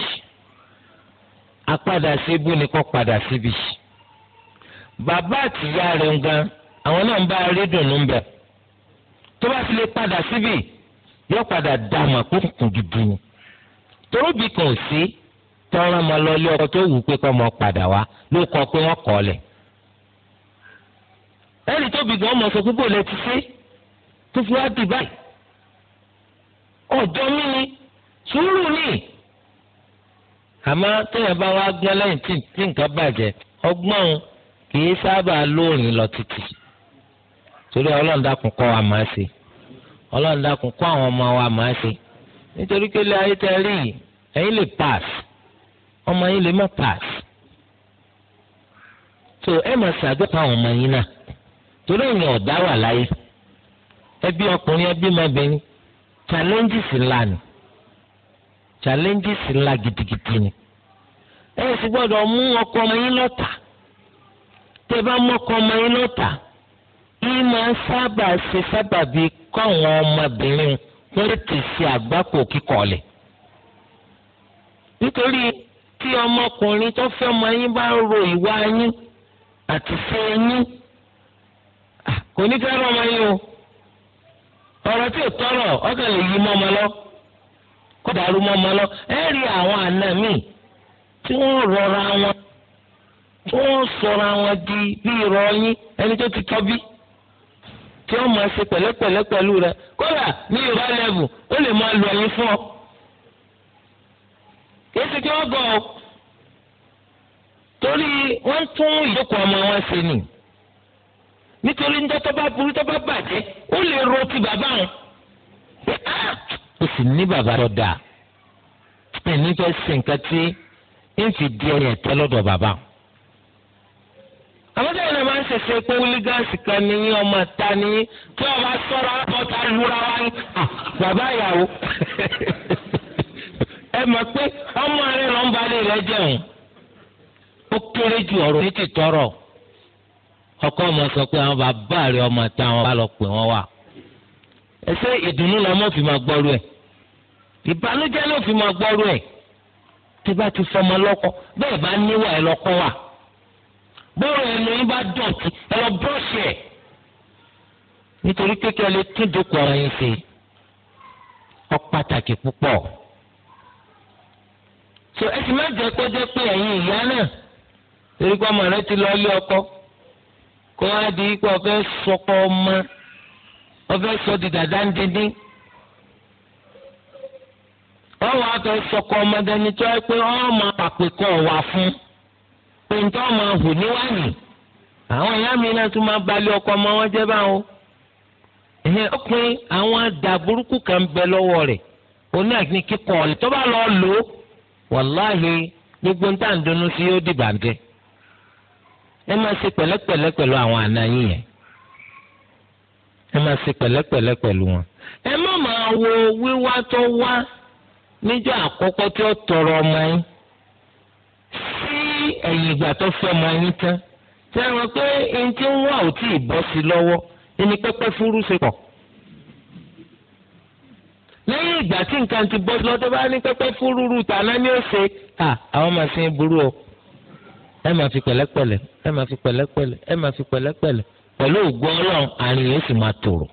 apádà síbú ni kò padà síbi. Si bàbá àtìyá rẹ̀ ń gan àwọn náà ń bá rí dùnú ń bẹ̀ tó bá ti lè padà síbì yóò padà dá àmọ́ kó kùn dùdù ni toróbì kan ò sí tọ́ra máa lọ ilé ọkọ tó wù pé kọ́ máa padà wá ló kọ pé wọ́n kọ́ lẹ̀ ẹnì tóbi gan ọmọ sọ púpọ̀ lẹ ti ṣe tó fi wá dì báyìí ọjọ́ mi ni sùúrù ni àmọ́ téèyàn bá wá gbọ́n lẹ́yìn tí nǹkan bàjẹ́ ọgbọ́n kìí sábà lóòrìn lọ títì torí ọlọ́run dákun kọ́ wa máa ṣe wa máa ṣe nítorí pé ayé tẹ rí yìí ẹ̀yin lè pass ọmọ yín lè má pass tó ẹ máa ṣàgbépa àwọn ọmọ yín náà torí ìyẹn ọ̀dá wà láyé ẹbí ọkùnrin ẹbí ọmọbìnrin challenges ńlá ni challenges ńlá gidigidi ni ẹ sì tẹ bá mọ́kọ ọmọ yín lọ́tà yín máa nsaba sábà ṣe sábà bíi káwọn ọmọbìnrin wọ́n ti ṣe àgbákò kíkọ̀ọ̀lẹ̀. nítorí tí ọmọkùnrin tó fẹ́ ọmọ yín bá ń ro ìwà yín àti fẹ́ yín kò ní fẹ́ràn o ọ̀rọ̀ tí ò tọrọ ọkàn lè yí mọ́mọ lọ kó dàrú mọ́mọ lọ ẹ rí wọ́n sọra wọn di bí irọ́ yín ẹni tó ti tọ́ bí tí wọ́n máa ṣe pẹ̀lẹ́pẹ̀lẹ́ pẹ̀lú rẹ kódà ní yorùbá lẹ́vù ó lè máa lọ yín fún ọ. kìí ṣe kí wọ́n gọ̀ ọ́ torí wọ́n tún ìjókòó ọmọ wọn ṣe nì nítorí ń tọ́ bá burú tọ́ bá bàjẹ́ ó lè ro ti bàbá wọn. Ah! ó sì ní bàbá tó dáa ẹ̀ nífẹ̀ẹ́ sí nǹkan tí ń fi di ẹ̀yẹ̀ tẹ́ bàbá wọn àwọn sẹ́yìn náà máa ń ṣẹ̀ṣẹ̀ pé wílígáàsì kan ní yín ọmọ ta ní yín tí ọba sọ́ra ọ̀tá lura wa ní bàbá ìyàwó [LAUGHS] ẹ mọ̀ pé ọmọ rẹ lọ́n ba lè rẹ jẹun ó kéré ju ọ̀rọ̀ ní ti tọrọ ọkọ ọmọ sọ pé àwọn bàbá rẹ ọmọ ta wọn bá lọ pè wọn wà ẹsẹ ìdùnnú la mọ̀ fi máa gbọ́rú ẹ̀ ìbànújẹ́ ló fi máa gbọ́rú ẹ̀ tí bá ti fọmọ lọ́kọ bẹ́ẹ̀ bá níwà ẹ lọ́kọ wà. bọ́ọ̀rọ̀ ẹnu yín bá dọ̀tí ẹ lọ bọ́ọ̀ṣì ẹ̀ nítorí kékeré lè tún dòkò yín ọ so ẹ sì má jẹ́ kó jẹ́ pé ẹ̀yin ìyá náà torí pé ọmọ ọkọ kó wá di pé ọmọ ọfẹ́ sọ di dàda ń sọkọ tó fún pé ń tọ́ máa hù níwájú àwọn ìyá mi náà tún máa balẹ̀ ọkọ ọmọ wọn jẹ́ báwọn ọkùnrin àwọn àdá burúkú kan ń bẹ lọ́wọ́ rẹ̀ oní àti kíkọ́ ọ̀lẹ̀ tó bá lọ lò ó wàláhì gbogbo ń tà ń dunnú sí ó dìbà ń jẹ ẹ máa ṣe pẹ̀lẹ́pẹ̀lẹ́ pẹ̀lú àwọn àna yín yẹn ẹ máa ṣe pẹ̀lẹ́pẹ̀lẹ́ pẹ̀lú wọn ẹ má máa wo wíwá tó wá níjọ́ àkọ́kọ́ tí ó tọrọ ọmọ yín ẹ̀yìn ìgbà tó fẹ́ ọmọ yín tán ṣé ẹ mọ̀ pé ẹni tí ń wá ò tí ì bọ́ sí lọ́wọ́ ẹni pẹ́pẹ́ fúrú ṣe pọ̀ lẹ́yìn ìgbà tí nǹkan ti bọ́ lọ́dọ́ bá ní pẹ́pẹ́ fúrúrú tàná ní òṣè à àwọn máa fi burú o ẹ máa fi pẹ̀lẹ́pẹ̀lẹ́ ẹ máa fi pẹ̀lẹ́pẹ̀lẹ́ ẹ máa fi pẹ̀lẹ́pẹ̀lẹ́ pẹ̀lú ògbó ọlọ́run àrùn yóò sì máa tòrò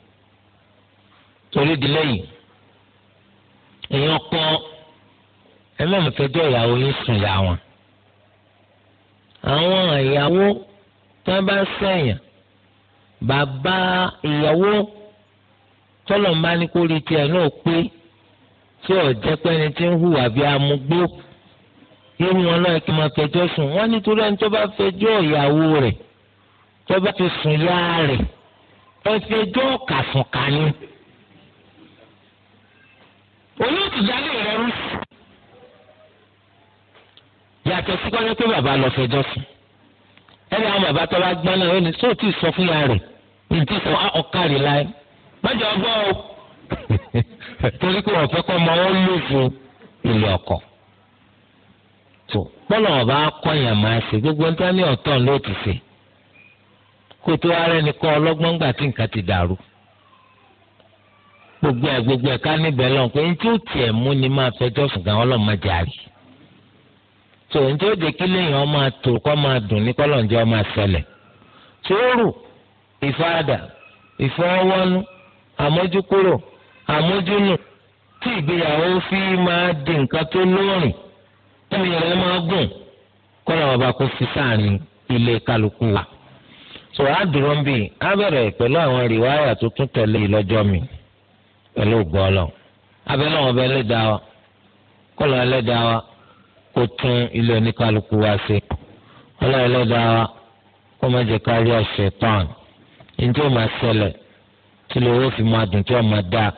torí di lẹ́yìn èèyàn kan ẹ máa fẹjọ́ ìyàwó yín sùn yà wọn àwọn ìyàwó tí wọ́n bá sẹ̀yìn bàbá ìyàwó tọ́lọ̀ máa ní kó rí tiẹ̀ náà pé tí ò jẹ́ pé ẹni tí ń hùwà bí amúgbó irú wọn náà kí n máa fẹjọ́ sùn wọ́n nítorí ẹni tó bá fẹjọ́ ìyàwó rẹ̀ tó bá ti sùn yá rẹ̀ ó fẹjọ́ kàfùnkà ni. olóòtú dání. yàtọ̀ sí kọ́ni pé bàbá lọ fẹjọ́ sùn ẹni àwọn bàbá tó bá gbọ́n náà yóò ní sóòtì sọ fún ya rẹ̀ ní ti sọ ọkàrí láyé mọ́jọ ọgbọ́n o [LAUGHS] torí pé ọ̀fẹ́ kọ́ ọmọ wọn lò fún ilé ọkọ tó bọ́lá ọba akọ́yàn máa ṣe gbogbo ń tán ní ọ̀tọ̀ ló ti ṣe kó tó ara ẹni kọ́ ọlọ́gbọ́n gbà tí nǹkan ti dàrú gbogbo ẹ̀ gbogbo ẹ̀ ká níbẹ̀ lọ́n tó ǹjẹ́ ó jẹ́ kí lẹ́yìn ọmọ àtò kọ́ máa dùn ní kọ́lọ̀ ǹjẹ́ ọmọ àṣẹlẹ̀ sùúrù ìfaradà ìfọwọ́wọ́nú àmójúkúrò àmójúnù tí ìgbéyàwó fi máa di nǹkan tó lóòrìn tẹ́mi rẹ̀ máa gùn kọ́lọ̀ ọba kò fi sáàrin ilé kálukú wa. sọ àdúró ń bì á bẹ̀rẹ̀ pẹ̀lú àwọn rìwáyà tó tún tẹ̀lé lọ́jọ́ mi pẹ̀lú ògbọ́lọ̀ abẹ́lẹ́ wọn bẹ́ẹ̀ lẹ́dàá wa kọ́lọ̀ ẹlẹ́dàá wa kó tún ilé oníkálukú wá sí ọlọ́ọ̀lẹ́dàá wa kó má jẹ́ kárí ọ̀sẹ̀ tán njẹ́ ó máa ṣẹlẹ̀ tí lówó fi máa dùn tí ó máa dáa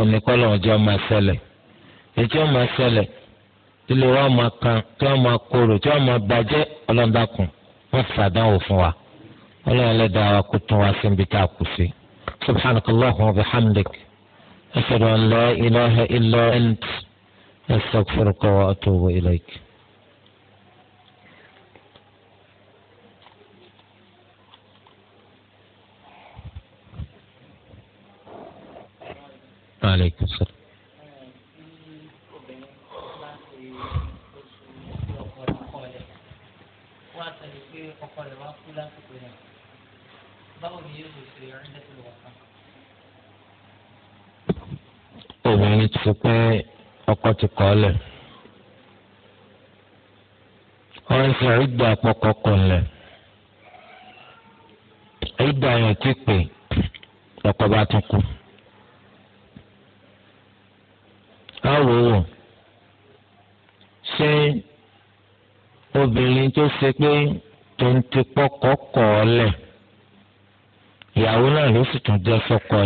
oníkọ́lọ̀ ọjọ́ máa ṣẹlẹ̀ ètí ó máa ṣẹlẹ̀ tí lówó máa kan tí ó máa korò tí ó máa bàjẹ́ ọlọ́dàkùn wọ́n ṣàdánwò fún wa ọlọ́ọ̀lẹ́dàá wa kó tún wá sí ibi tá a kù sí. subhanakallahumma wa bihamdik ashhadu an أستغفرك وأتوب إليك عليكم السلام obìnrin ti ọkọ ti kọ́ lẹ̀ ọ̀rẹ́ sọ ìdá àpọ̀kọ kọ̀ lẹ̀ ìdá yẹn ti pè ọkọ bá tún kú. báwo wò ṣé obìnrin tó ṣe pé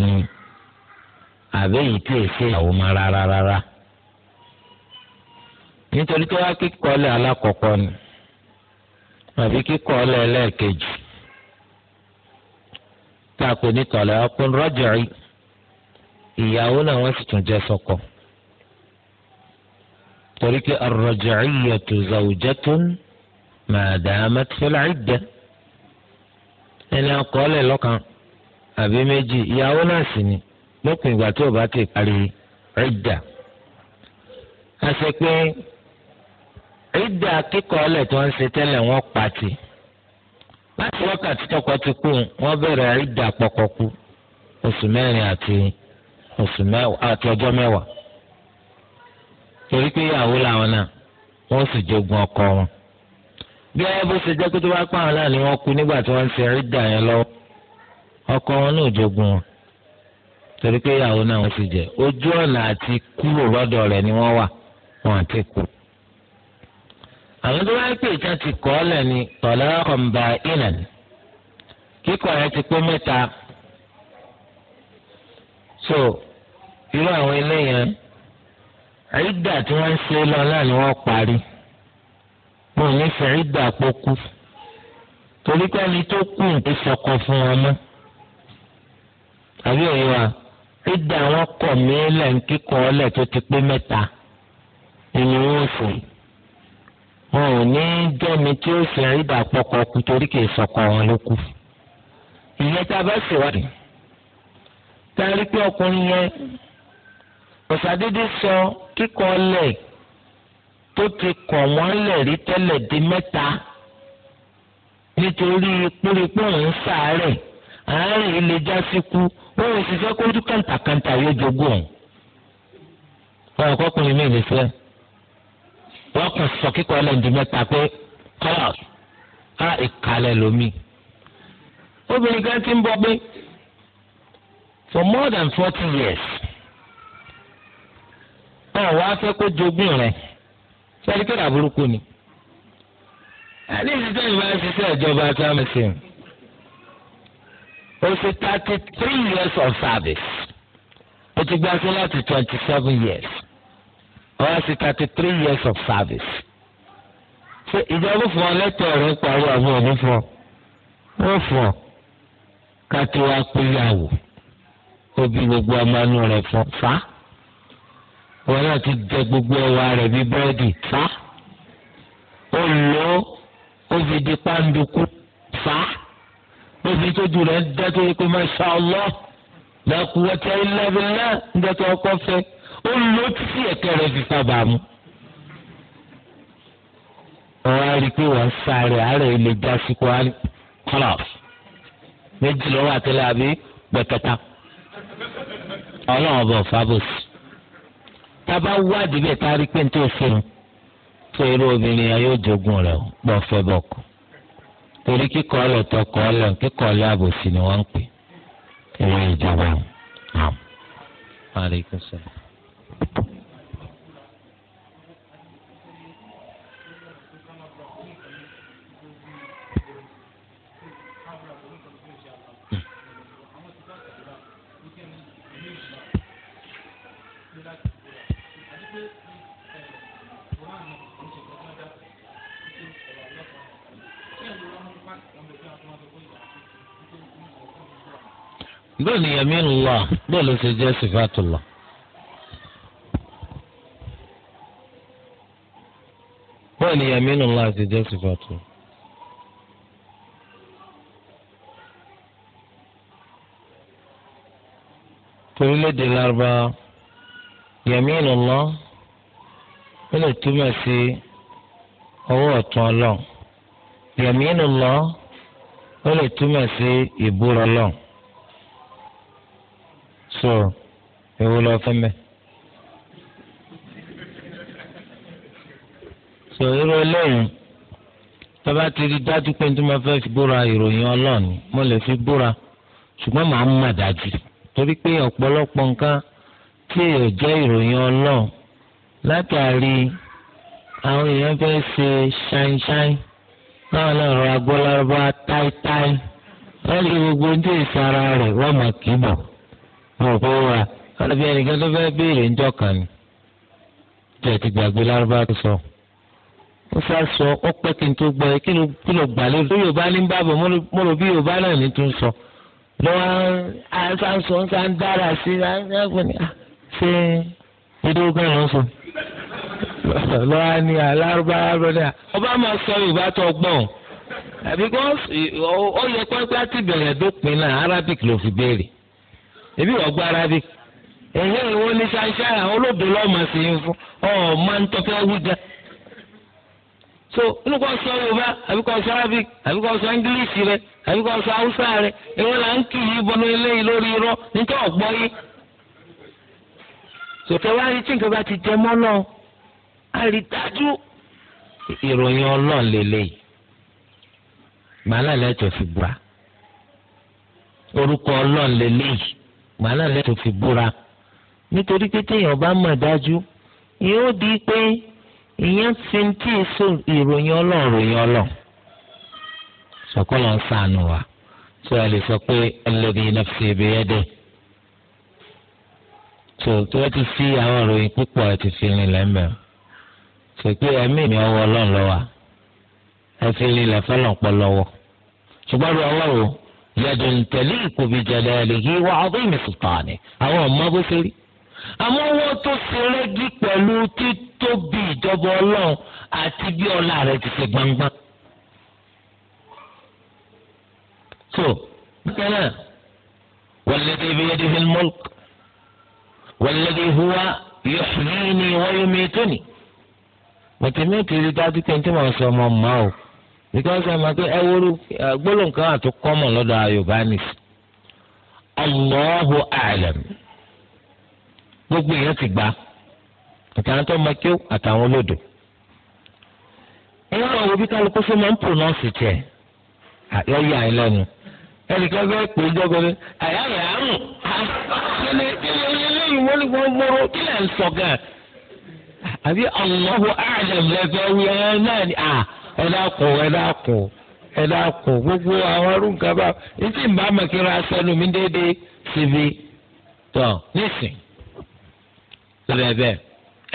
ni àbẹ́yìí tí èsì ìyàwó máa rárá nítorí tó wá kíkọ́ lẹ̀ alákọ̀ọ́kọ́ ni àbí kíkọ́ lẹ̀ lẹ́ẹ̀kejì tá a pè ní tọ̀lẹ̀ ọkùnrin rọ́jòrì ìyàwó náà wọ́n sì tún jẹ́ sọ́kọ. torí pé ar-raj'iyyatu zawjatun ma damat fil 'idda ẹni akọ́lẹ̀ lọ́kàn àbí méjì ìyàwó náà sì ni lópin ìgbà tí ò bá ti parí 'idda. a pé ìdí akẹ́kọ̀ọ́ ọ̀lẹ̀ tí wọ́n ń ṣe tẹ́lẹ̀ wọ́n pati láti wákàtí tọkọ ti kú wọ́n bẹ̀rẹ̀ ìdí àpọ̀kọ̀ kú oṣù mẹ́rin àti oṣù mẹ́wàá àti ọjọ́ mẹ́wàá torí pé ìyàwó làwọn náà wọ́n sì jogun ọkọ wọn bí ẹ bó ṣe jẹ́ pé tó bá pa àwọn náà ni wọ́n kú nígbà tí wọ́n ń ṣe ìdá yẹn lọ́wọ́ ọkọ wọn náà jogun wọn torí pé ìyàwó náà wọ́n sì jẹ ojú ọ̀nà àti kúrò lọ́dọ̀ rẹ̀ ni wọ́n wà wọn àti kúrò àwọn tó wáyé pé ìjà ti kọ́ ọ́lẹ̀ ni tọ̀lá ọ̀nba ìnàn kíkọ̀ ẹ̀ ti pé mẹ́ta so irú àwọn eléyẹn àyídà tí wọ́n ń ṣe lọ náà ni wọ́n parí mo ní fẹ́ ìdà pọ́kú torí pé ẹni tó kù ń sọkọ fún wọn mọ́ àbí òye wa ìdà wọn kọ̀ mí lẹ́ǹkíkọ̀ ọ́lẹ̀ tó ti pé mẹ́ta ni wọ́n fò wọn ò ní jẹ́mi tí ó fi àrídà pọkọ kú torí kìí sọkọ wọn ló kú. ìyẹn tá a bá ṣèwádìí tá a rí pé ọkùnrin yẹn ọ̀sàdédé sọ kíkọ lẹ̀ tó ti kọ̀ wọ́n lẹ̀ rí tẹ́lẹ̀ di mẹ́ta nítorí pérépé òun ṣàárẹ̀ àárẹ̀ ilé já síkú òun sì fẹ́ kó dúkàǹtàkàǹtà yóò jogún òun. ọ̀rọ̀ kọkùnrin mi lè fẹ́ wọ́n kàn sọ kíkọ́ ẹlẹ́ǹdì mẹ́ta pé kọ́lọ́s á ìkàlẹ̀ lómi. obìnrin kan ti ń bọ́ pé for more than forty years náà wàá fẹ́ kó jogún rẹ̀ sẹ́ni kí làbúrúkú ni. ní ìsísẹ́ ìwé ṣiṣẹ́ ìjọba tamsin ó ṣe thirty three years of service ó ti gbáṣẹ́ láti twenty seven years wọ́n sì thirty three years of service. ṣé ìjọba fún ọ lẹ́tọ̀ rẹ̀ parí àwọn òní fún ọ? wọ́n fún ọ káàtó wa péyàwó obì gbogbo ọmọnú rẹ̀ fún fa. wọn náà ti jẹ gbogbo ẹwà rẹ̀ bíi búrẹ́dì fa. ó lò ó ó fi di pàǹdùkú fa. ó fi tójú rẹ̀ dẹ́tò yìí pé masha Allah la quwwata illa billah ń dẹ́tò ọkọ fẹ́ ó lọ títí ẹ̀kẹ́ rẹ̀ fi sábà mu. wọ́n á rí i pé wọ́n sáré àárẹ̀ ilé já sí kó á rí kọ́lọ́f méjì lọ́wọ́ àtẹlẹ́ àbí pẹ̀kẹta ọlọ́run ọba fábọ̀sì tábà wádìí bẹ́ẹ̀ tá a rí pé ní tó ṣe mu tó irú obìnrin yẹn yóò jogún rẹ̀ pọ̀ fẹ́ bọ̀kù torí kíkọ́ ọlọ́tọ̀ kọ́ ọlọ́run kíkọ́ ọlọ́ àbòsí ni wọ́n ń pè é ìjọba àwọn. Aleykum salaam. بني يمين الله بل سجى صفات الله bọ́ọ̀ ni yaminu Allah ti jẹ́ sùfàtù. torílẹ̀èdè larba yaminu Allah ó lè túmọ̀ sí ọwọ́ ọ̀tún ọlọ́run yaminu Allah ó lè túmọ̀ sí ìbúra ọlọ́run so ewu lọ fẹ́ mẹ́ẹ́. sọ irú eléyìí tọ́ba ti rí dájú pé tí mo fẹ́ fi búra ìròyìn ọlọ́ọ̀ni mo lè fi búra ṣùgbọ́n màá mọ̀ dájú torí pé ọ̀pọ̀lọpọ̀ nǹkan tí ò jẹ́ ìròyìn ọlọ́ọ̀ látàrí àwọn èèyàn fẹ́ ṣe ṣáínṣáín náà náà rọ agbọ́lárúbá táítáí wọ́n lè gbogbo ní ìsara rẹ̀ wọ́n mọ̀ kí bọ̀ wọ́n kó wa wọ́n lè fi ẹnìkan tó fẹ́ béèrè ńjọ́ kan ní tẹ̀ ti gbàgbé lárúbá tó sọ ó sá sọ ọpẹ́ kí n tó gbọ́ ẹ kí ló gbà lérò tó yorùbá ní bábọ̀ mo rò bí yorùbá náà ní tó ń sọ lọ́wọ́ àṣà ń sọ ń sá ń dára sí i ṣé ìdí ogun ẹ̀ ló ń sọ lọ́wọ́ ni alárúbáwá lọ́dẹ̀ ọba máa sọ yorùbá tó gbọ́n because ó yẹ pẹ́pẹ́ àti bẹ̀rẹ̀ dópin náà arabic ló fi béèrè ebi wọ́n gbọ́ arabic ẹ̀yẹ́ ìwọ ní ṣáṣá olóògbé lọ́mọ sí i fún ọ máa ń tọ́fẹ́ wí gan so inú kò sọ yorùbá àbí kò sọ arabic àbí kò sọ english rẹ àbí kò sọ hausa rẹ ìwọ là ń kì í bọnú eléyìí lórí irọ́ nítorí ọgbọ yìí. sọtẹ wá rí tí nǹkan bá ti jẹ mọ́ náà a rí dájú ìròyìn ọlọ́run lélẹ́yìí màálà lẹ́tọ̀ fi búra orúkọ ọlọ́run lélẹ́yìí màálà lẹ́tọ̀ fi búra nítorí pé téèyàn bá mọ̀ dájú yóò di pé ìyẹn fi ń tí ì so ìròyìn ọlọ́run ròyìn ọlọ́ sọkọlọ ń sànù wa tó a lè sọ pé ẹlẹ́bi nafsi biyadihi tó tó ẹ ti fi àwọn ìròyìn púpọ̀ ẹ ti fi rìn lẹ́mẹ̀ tó pé ẹ̀mí mi ọwọ́ ọlọ́run lọ́wọ́ ẹ fi rìn lẹ́ fọlọ́pọ̀ lọ́wọ́ ṣùgbọ́n bí ọwọ́ o yadun taliqu bi jalalihi wa azimi sultanihi àwọn ọmọ bó ṣe rí àmọ́ wọ́n tó ṣe rẹ́gí pẹ̀lú títóbi ìjọba ọlọ́run àti bí ọlá rẹ̀ ti ṣe gbangba. tó bákanáà wàlẹ́dẹ́ ibi yẹ́dẹ́ fi mọ́lùk wàlẹ́dẹ́ ìhùwà yuhyini wa yumituni mọ̀tẹ́mí ò ti rí dájú pé ní màá sọ ọmọ mọ́ o because ẹ̀ pé ẹ wúru gbólóǹkan àti kọ́mọ̀ lọ́dọ̀ Yorùbá nìsí. Allahu a'lam gbogbo èèyàn ti gbà àtàwọn tó máa kíó àtàwọn olódò ẹ̀yin náà wo bí kálukú fún máa ń pronọ́ọ̀sì tiẹ̀ àyọ̀yọ̀ àyìn lẹ́nu ẹnìkan fẹ́ pè é jọ́gbẹ́rẹ́ àyàyà àrùn kíni kíni eléyìí wọ́n ní wọ́n mọ́rọ́ kí lẹ́ ń sọ gan àbí Allahu a'lam lẹ́fẹ̀ẹ́ wí náà ni ẹ dákun ẹ dákun ẹ dákun gbogbo àwọn arúgbó kaba etí ìbámu kíra sẹ́nu mi déédéé síbi tán nísìn rẹ̀ bẹ́ẹ̀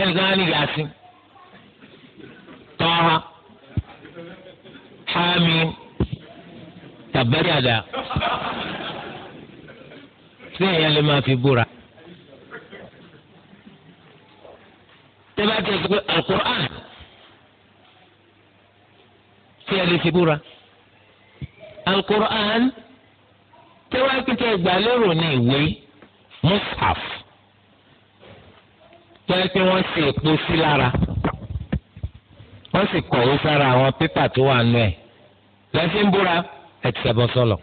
ẹnìkan á ní gàásì tọ́ha hami tàbẹ́dàdà sí èèyàn lè máa fi búra. tẹ́lá tẹ̀ sí pé alukur'an tí ẹ lè fi búra. alukur'an tẹ́wá pété gbàlérò ní ìwé mushaf jẹ́ pé wọ́n sì èpo sí lára wọ́n sì kọ̀wé sára àwọn pépà tó wà nù ẹ̀ lẹ́sìn ń búra ẹ̀ ti ṣẹbọ sọ̀lọ̀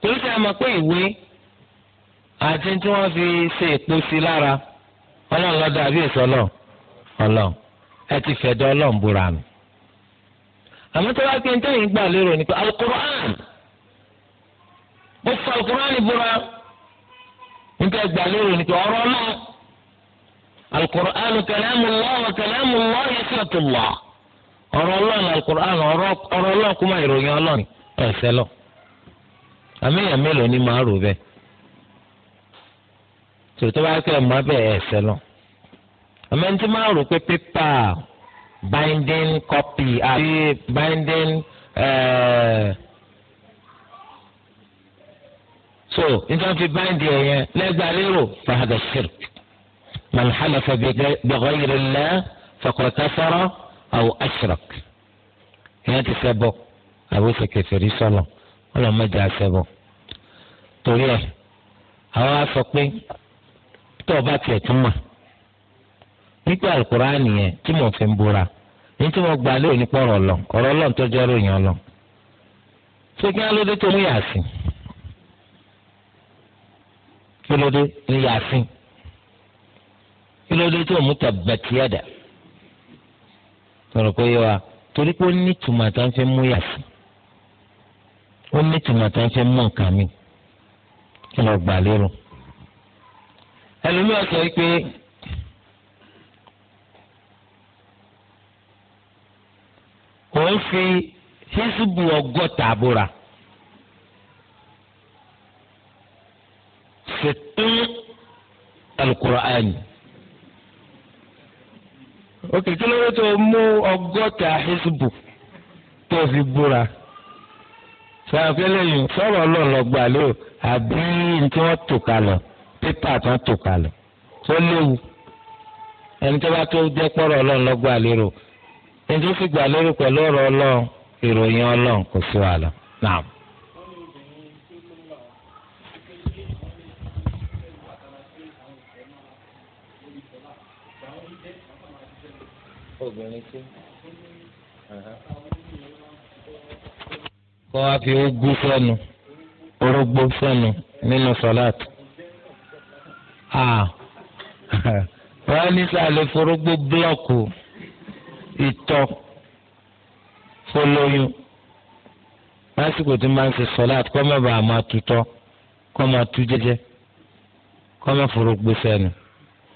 torí sẹ́ mọ̀ pé ìwé àti tí wọ́n fi ṣe èpo sí lára ọlọ́run lọ́dọ̀ àbí èso ọlọ́run ọlọ́run ẹ ti fẹ̀dọ̀ ọlọ́run búra nù àmọ́ tó bá pé ní tẹ́yìn gbà lérò ni pé mo fa alukur'an búra níta gbà lérò ni ọ̀rọ̀ náà. alukur'anu kalamu llah wa kalamu llah sifatu llah ọ̀rọ̀ ọlọ́run alukur'anu ọ̀rọ̀ ọlọ́run kó máa ìròyìn ọlọ́run ẹ̀sẹ̀ lọ. àmì ya mélòó ni màá lọ. a binding copy àti binding so nítorí binding من حلف بغير الله فقد كفر أو أشرك هنا تسبب أبو سكفري صلى الله عليه وسلم جاء سبب توليه هو أفقي توبات يتمه nígbà alukuraani yẹn tí mo fi ń búra ní tí mo gbà lé òní pọ̀ ọ̀rọ̀ lọ ọ̀rọ̀ lọ́n tó jẹ́ ròyìn ọ̀lọ́. ṣé kí alóde tó ní yàsín kí alóde ní yàsín kí ló dé tó mú tàbẹ̀tì ẹ̀dà tọrọ pé yẹ wa torí pé ó ní tùmọ̀ tá ń fẹ́ mú yà sí ó ní tùmọ̀ tá ń fẹ́ mú nǹkan mi kí lọ gbà lérò ẹlòmíràn sọ pé. òun fi hísùbù ọgọ́ta búra ṣètò alukur'ani òkè kí ló dé tó mú ọgọ́ta hezbo tó fi búra sàkélé yìí sọ̀rọ̀ ọlọ́ọ̀lọ́gba ló àbí tí wọ́n tò kalẹ̀ pépà tí wọ́n tò kalẹ̀ tó léwu ẹni tó bá tó jẹ́ pọ́rọ̀ ọlọ́ọ̀lọ́gba lérò ẹni tó fi gbà lérò pẹ̀lú obìnrin sí. kọ́ a fi ogún sẹ́nu orógbó sẹ́nu nínú sọ́láàtì. wọ́n ní sàlẹ̀ forógbó búlọ́ọ̀kù ìtọ̀ fọlọ́yún lásìkò tí máa ń ṣe sọ́láàtì kọ́ mẹ́bàá máa tutọ́ kọ́ máa tú jẹ́jẹ́ kọ́ máa forógbó sẹ́nu.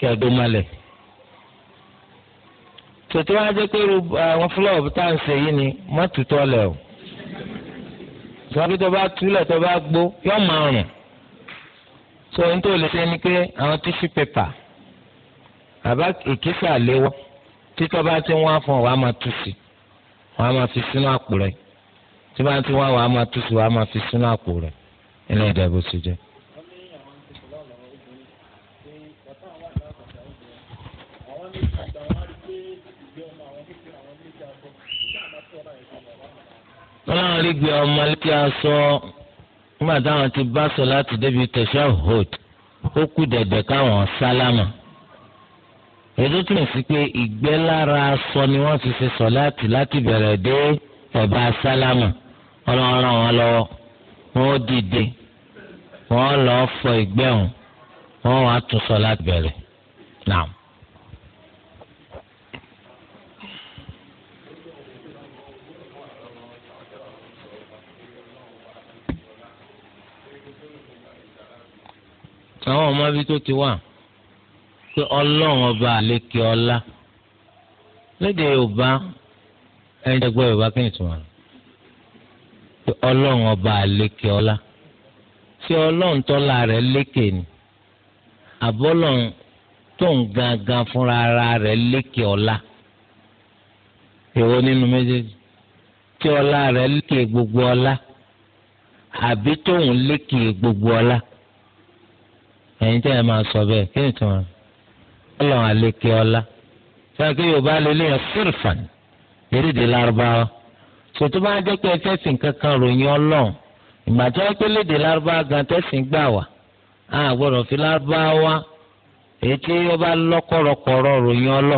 kí ẹ dó malẹ̀. tòtí wọn á jẹ́ pé àwọn fúlọ́ọ̀bù tá à ń ṣe yìí ni mọ́tò tọ́ lẹ̀ o. sọ́bí tó bá túlẹ̀ tó bá gbó yọ máa rùn. so ohun tó lè ṣe ni pé àwọn tíṣù pépà àbá ìkísà léwọ́ títọ́ bá ti wọ́n fún ọ wàá máa tú sí wàá máa fi sínú àpò rẹ̀ tí bá ti wọ́n wàá máa tú sí wàá máa fi sínú àpò rẹ̀ ilé ìdàgbàsókè. bí ọmọ létí aṣọ nígbà táwọn ti bá sọ láti débi tashahhud ó kù dẹ̀dẹ̀ káwọn sálámà èdè tó ń sí pé ìgbẹ́ lára aṣọ ni wọ́n ti ṣe sọ láti láti bẹ̀rẹ̀ dé ẹ̀bá sálámà ọlọ́run ràn wọ́n lọ́wọ́ wọ́n dìde wọ́n lọ́ọ́ fọ ìgbẹ́ wọ́n wàá tún sọ láti bẹ̀rẹ̀ náà. àwọn ọmọ bíi tó ti wà pé ọlọ́run ọba àlékè ọlá lédè yorùbá ẹni ẹgbẹ́ yorùbá kí ni tùmọ̀ pé ọlọ́run ọba àlékè ọlá tí ọlọ́run tọ́lá rẹ̀ lékè ni àbọ́lọ́run tó ń gangan fúnra ara rẹ̀ lékè ọlá èwo nínú méjèèjì tí ọlá rẹ̀ lékè gbogbo ọlá àbí tóun lékè gbogbo ọlá. ẹ̀yin tẹ ẹ máa sọ bẹẹ kí ni tiwọn ọlọ́run ọlá sọ pé yorùbá lélẹ́yìn sírfàn lédèdè lárúbáwá sòtú bá jẹ́ pé kankan ròyìn ọlọ́run ìgbà tó pé lédè lárúbáwá gan tẹ́sìn a gbọ́dọ̀ fi lárúbáwá èyí tí bá ròyìn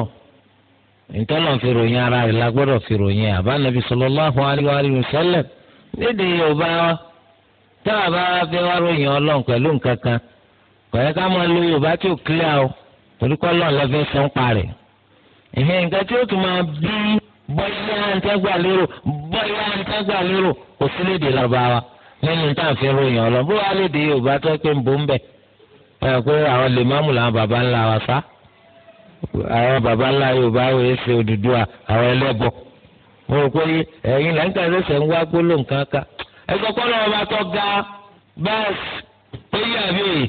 ìtọ́lọ̀ fi ròyìn ara rẹ̀ gbọ́dọ̀ fi ròyìn àbánabi kọ̀yẹ́ ká máa lo yorùbá tí ò kílíà o torí kọ́ lọ́n lọ́fẹ́ sàn parẹ́ ìhìn nǹkan tí ó tún máa bí bọ́yá àǹtẹ́gbà lérò bọ́yá àǹtẹ́gbà lérò kò sí léde lọ́bàá nínú táàfin ròyìn ọ̀lọ́ bó wà léde yorùbá tó pé ń bò ń bẹ̀ ẹ̀ pé àwọn lè má mú làwọn baba ńlá wa sá àwọn baba ńlá yorùbá wo ẹ ṣe Odùduwà àwọn ẹlẹ́bọ mo rò pé ẹ̀yin là ń kà sẹ́sẹ̀ ń wá gbólóhùn kankan ẹ̀sọ́ kọ́ lọ́wọ́ bá tọ́ ga bẹ́ẹ̀ ó yí àbí òye.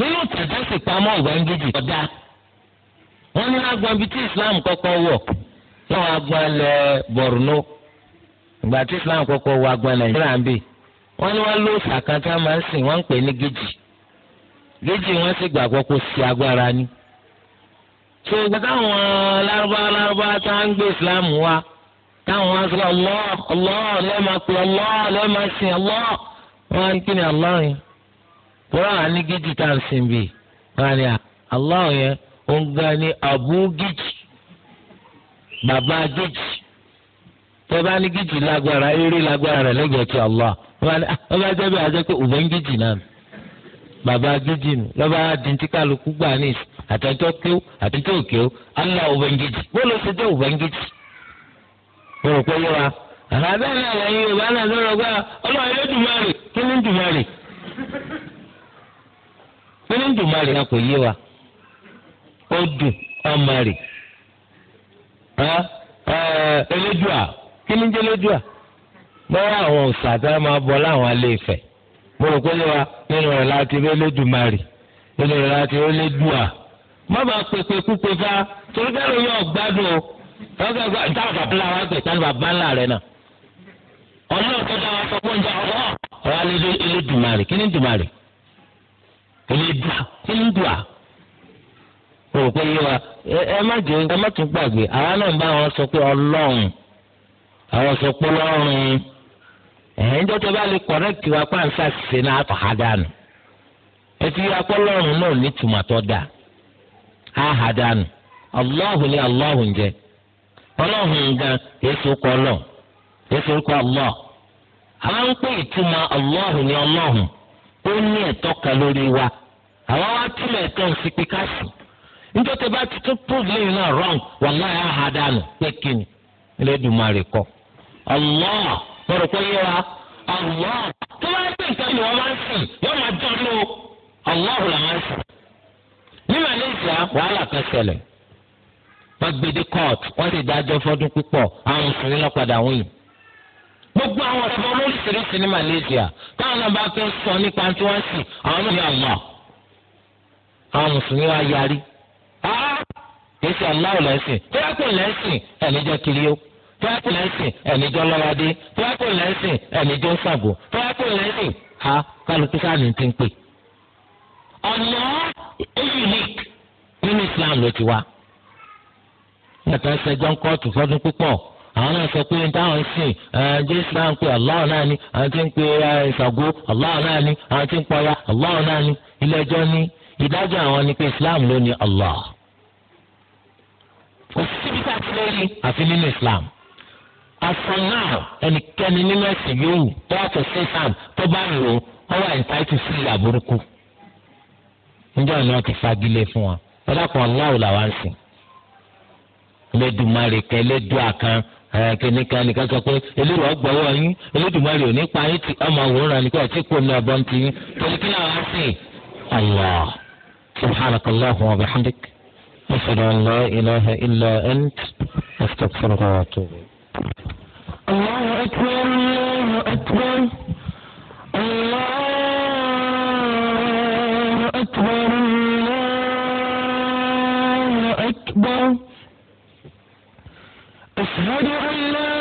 nínú tàdá sì pamọ́ ògbẹ́ngídì ọ̀dá wọ́n ní agbọn bíi tí islam kọ́kọ́ wọ̀ láwọn agbọn ilẹ̀ borno ìgbà tí islam kọ́kọ́ wọ agbọn nàìjíríà ń bì wọ́n ní wọ́n máa ń sìn wọ́n ń pè ní wọ́n sì sí agbára ni. tó táwọn lárúbáwá lárúbáwá tá à ń gbé tọ́lá wà ní gíjì tá à ń sìn bì wọ́n á Allah yẹn ó ń abu gíjì bàbá bá ní eré ti Allah wọ́n bá jẹ́ bí àjẹ́ pé òbẹ́ ń gíjì náà bàbá gíjì nù lọ́ba dìntí kálukú gbà ní àtẹ̀tọ́ kíó àtẹ̀tọ́ kíó O òbẹ́ ń gíjì bó ló ṣe jẹ́ òbẹ́ ń gíjì mo pé yóò lẹ́yìn wọ́n ní dùnmarì náà kò yé wa ó dùn ọmọrì elédùà kí ni jẹ́ elédùà bọ́wọ́ àwọn òòsà tí wọ́n máa bọ́ láwọn alẹ́ ìfẹ́ mo rò pé yé wa nínú rẹ̀ láti rí elédùmarì nínú rẹ̀ láti rí elédùà má bàa pèpè púpè fa torí bẹ́ẹ̀ ló yọ ọ̀gbádùn o lọ́sọ̀ ẹ̀gbọ́n ìta bàbá ńlá wa gbé ìtàn bàbá ńlá rẹ̀ náà ọlọ́run tó sọ pé ń jẹ́ ọ̀rọ̀ ọ̀rọ̀ elédùmarì kí ni dùmarì. kò lè dà kí ń dùà mo rò pé yé wa ẹ má jẹ ẹ má tún gbàgbé àwa náà ń bá wọn sọ pé ọlọ́run àwọn sọ pé ọlọ́run ẹ̀yìn jọ́tẹ́ bá lè kọ̀rẹ́kì wa pa nsa ṣe náà fàá dànù etí akọ́lọ́run náà ní tùmọ̀tọ́ dà á hà ni ó ní ẹ̀tọ́ kan lórí wa àwa wá tilẹ̀ ẹ̀tọ́ sí pé ká sùn níjọ́ tẹ bá ti tún prove lẹ́yìn náà wrong wàláyà á dànù pé kí ni Elédùmarè kọ́ Allah lọ́rọ̀ yé wa Allah tó bá gbé nǹkan ni wọ́n máa ń sìn máa jọ ló Allah là máa ń sìn ní Malaysia wàhálà kan ṣẹlẹ̀ wọ́n gbé dé court wọ́n gbogbo àwọn ọ̀sán olóríṣiríṣi ní Malaysia táwọn náà bá fẹ́ sọ nípa tí wọ́n sì àwọn náà yà wọ́n. àwọn mùsùlùmí wa yarí. èsì aláwọ̀ lẹ́sìn tíráàpù lẹ́sìn ẹ̀nìjọ́ kiri ó tíráàpù lẹ́sìn ẹ̀nìjọ́ lọ́wọ́dé tíráàpù lẹ́sìn ẹ̀nìjọ́ sàgò tíráàpù lẹ́sìn ha kálukú sáàni ti ń pè. ọ̀nà unique nínú Islam ló ti wá. yàtọ̀ ẹsẹ̀ jọ́ ń kóòtù fọ́dún púpọ̀ àwọn náà sọ pé táwọn sìn jésù náà ń pe Allah náà ni àwọn ti ń pe ṣàgó Allah náà ni àwọn ti ń pọya Allah náà ni ilé ẹjọ́ ní ìdájọ́ àwọn ni pé islam ló ní Allah kò síbi tá a ti àfi nínú islam asanáà ẹnikẹ́ni nínú ẹ̀sìn yòówù tó yàtọ̀ sí islam tó bá lò ó wà entitled sí ìyà burúkú níjọ́ ti fagilé fún wa làwọn sìn lẹ́dùn àkàn kìnìún kan nìkan sọ pé eléyìí ọgbà owó yín Olódùmarè ò ní pa yín ti ọmọ òwúrọ̀ nìkan àti kò ní ọbọ̀n ti yín torí kí náà wá sí i. allah subhanaka wa bihamdik ashhadu an la ilaha illa ant wa atubu. allahu akbar allahu akbar allahu akbar allahu akbar. أشهد أن لا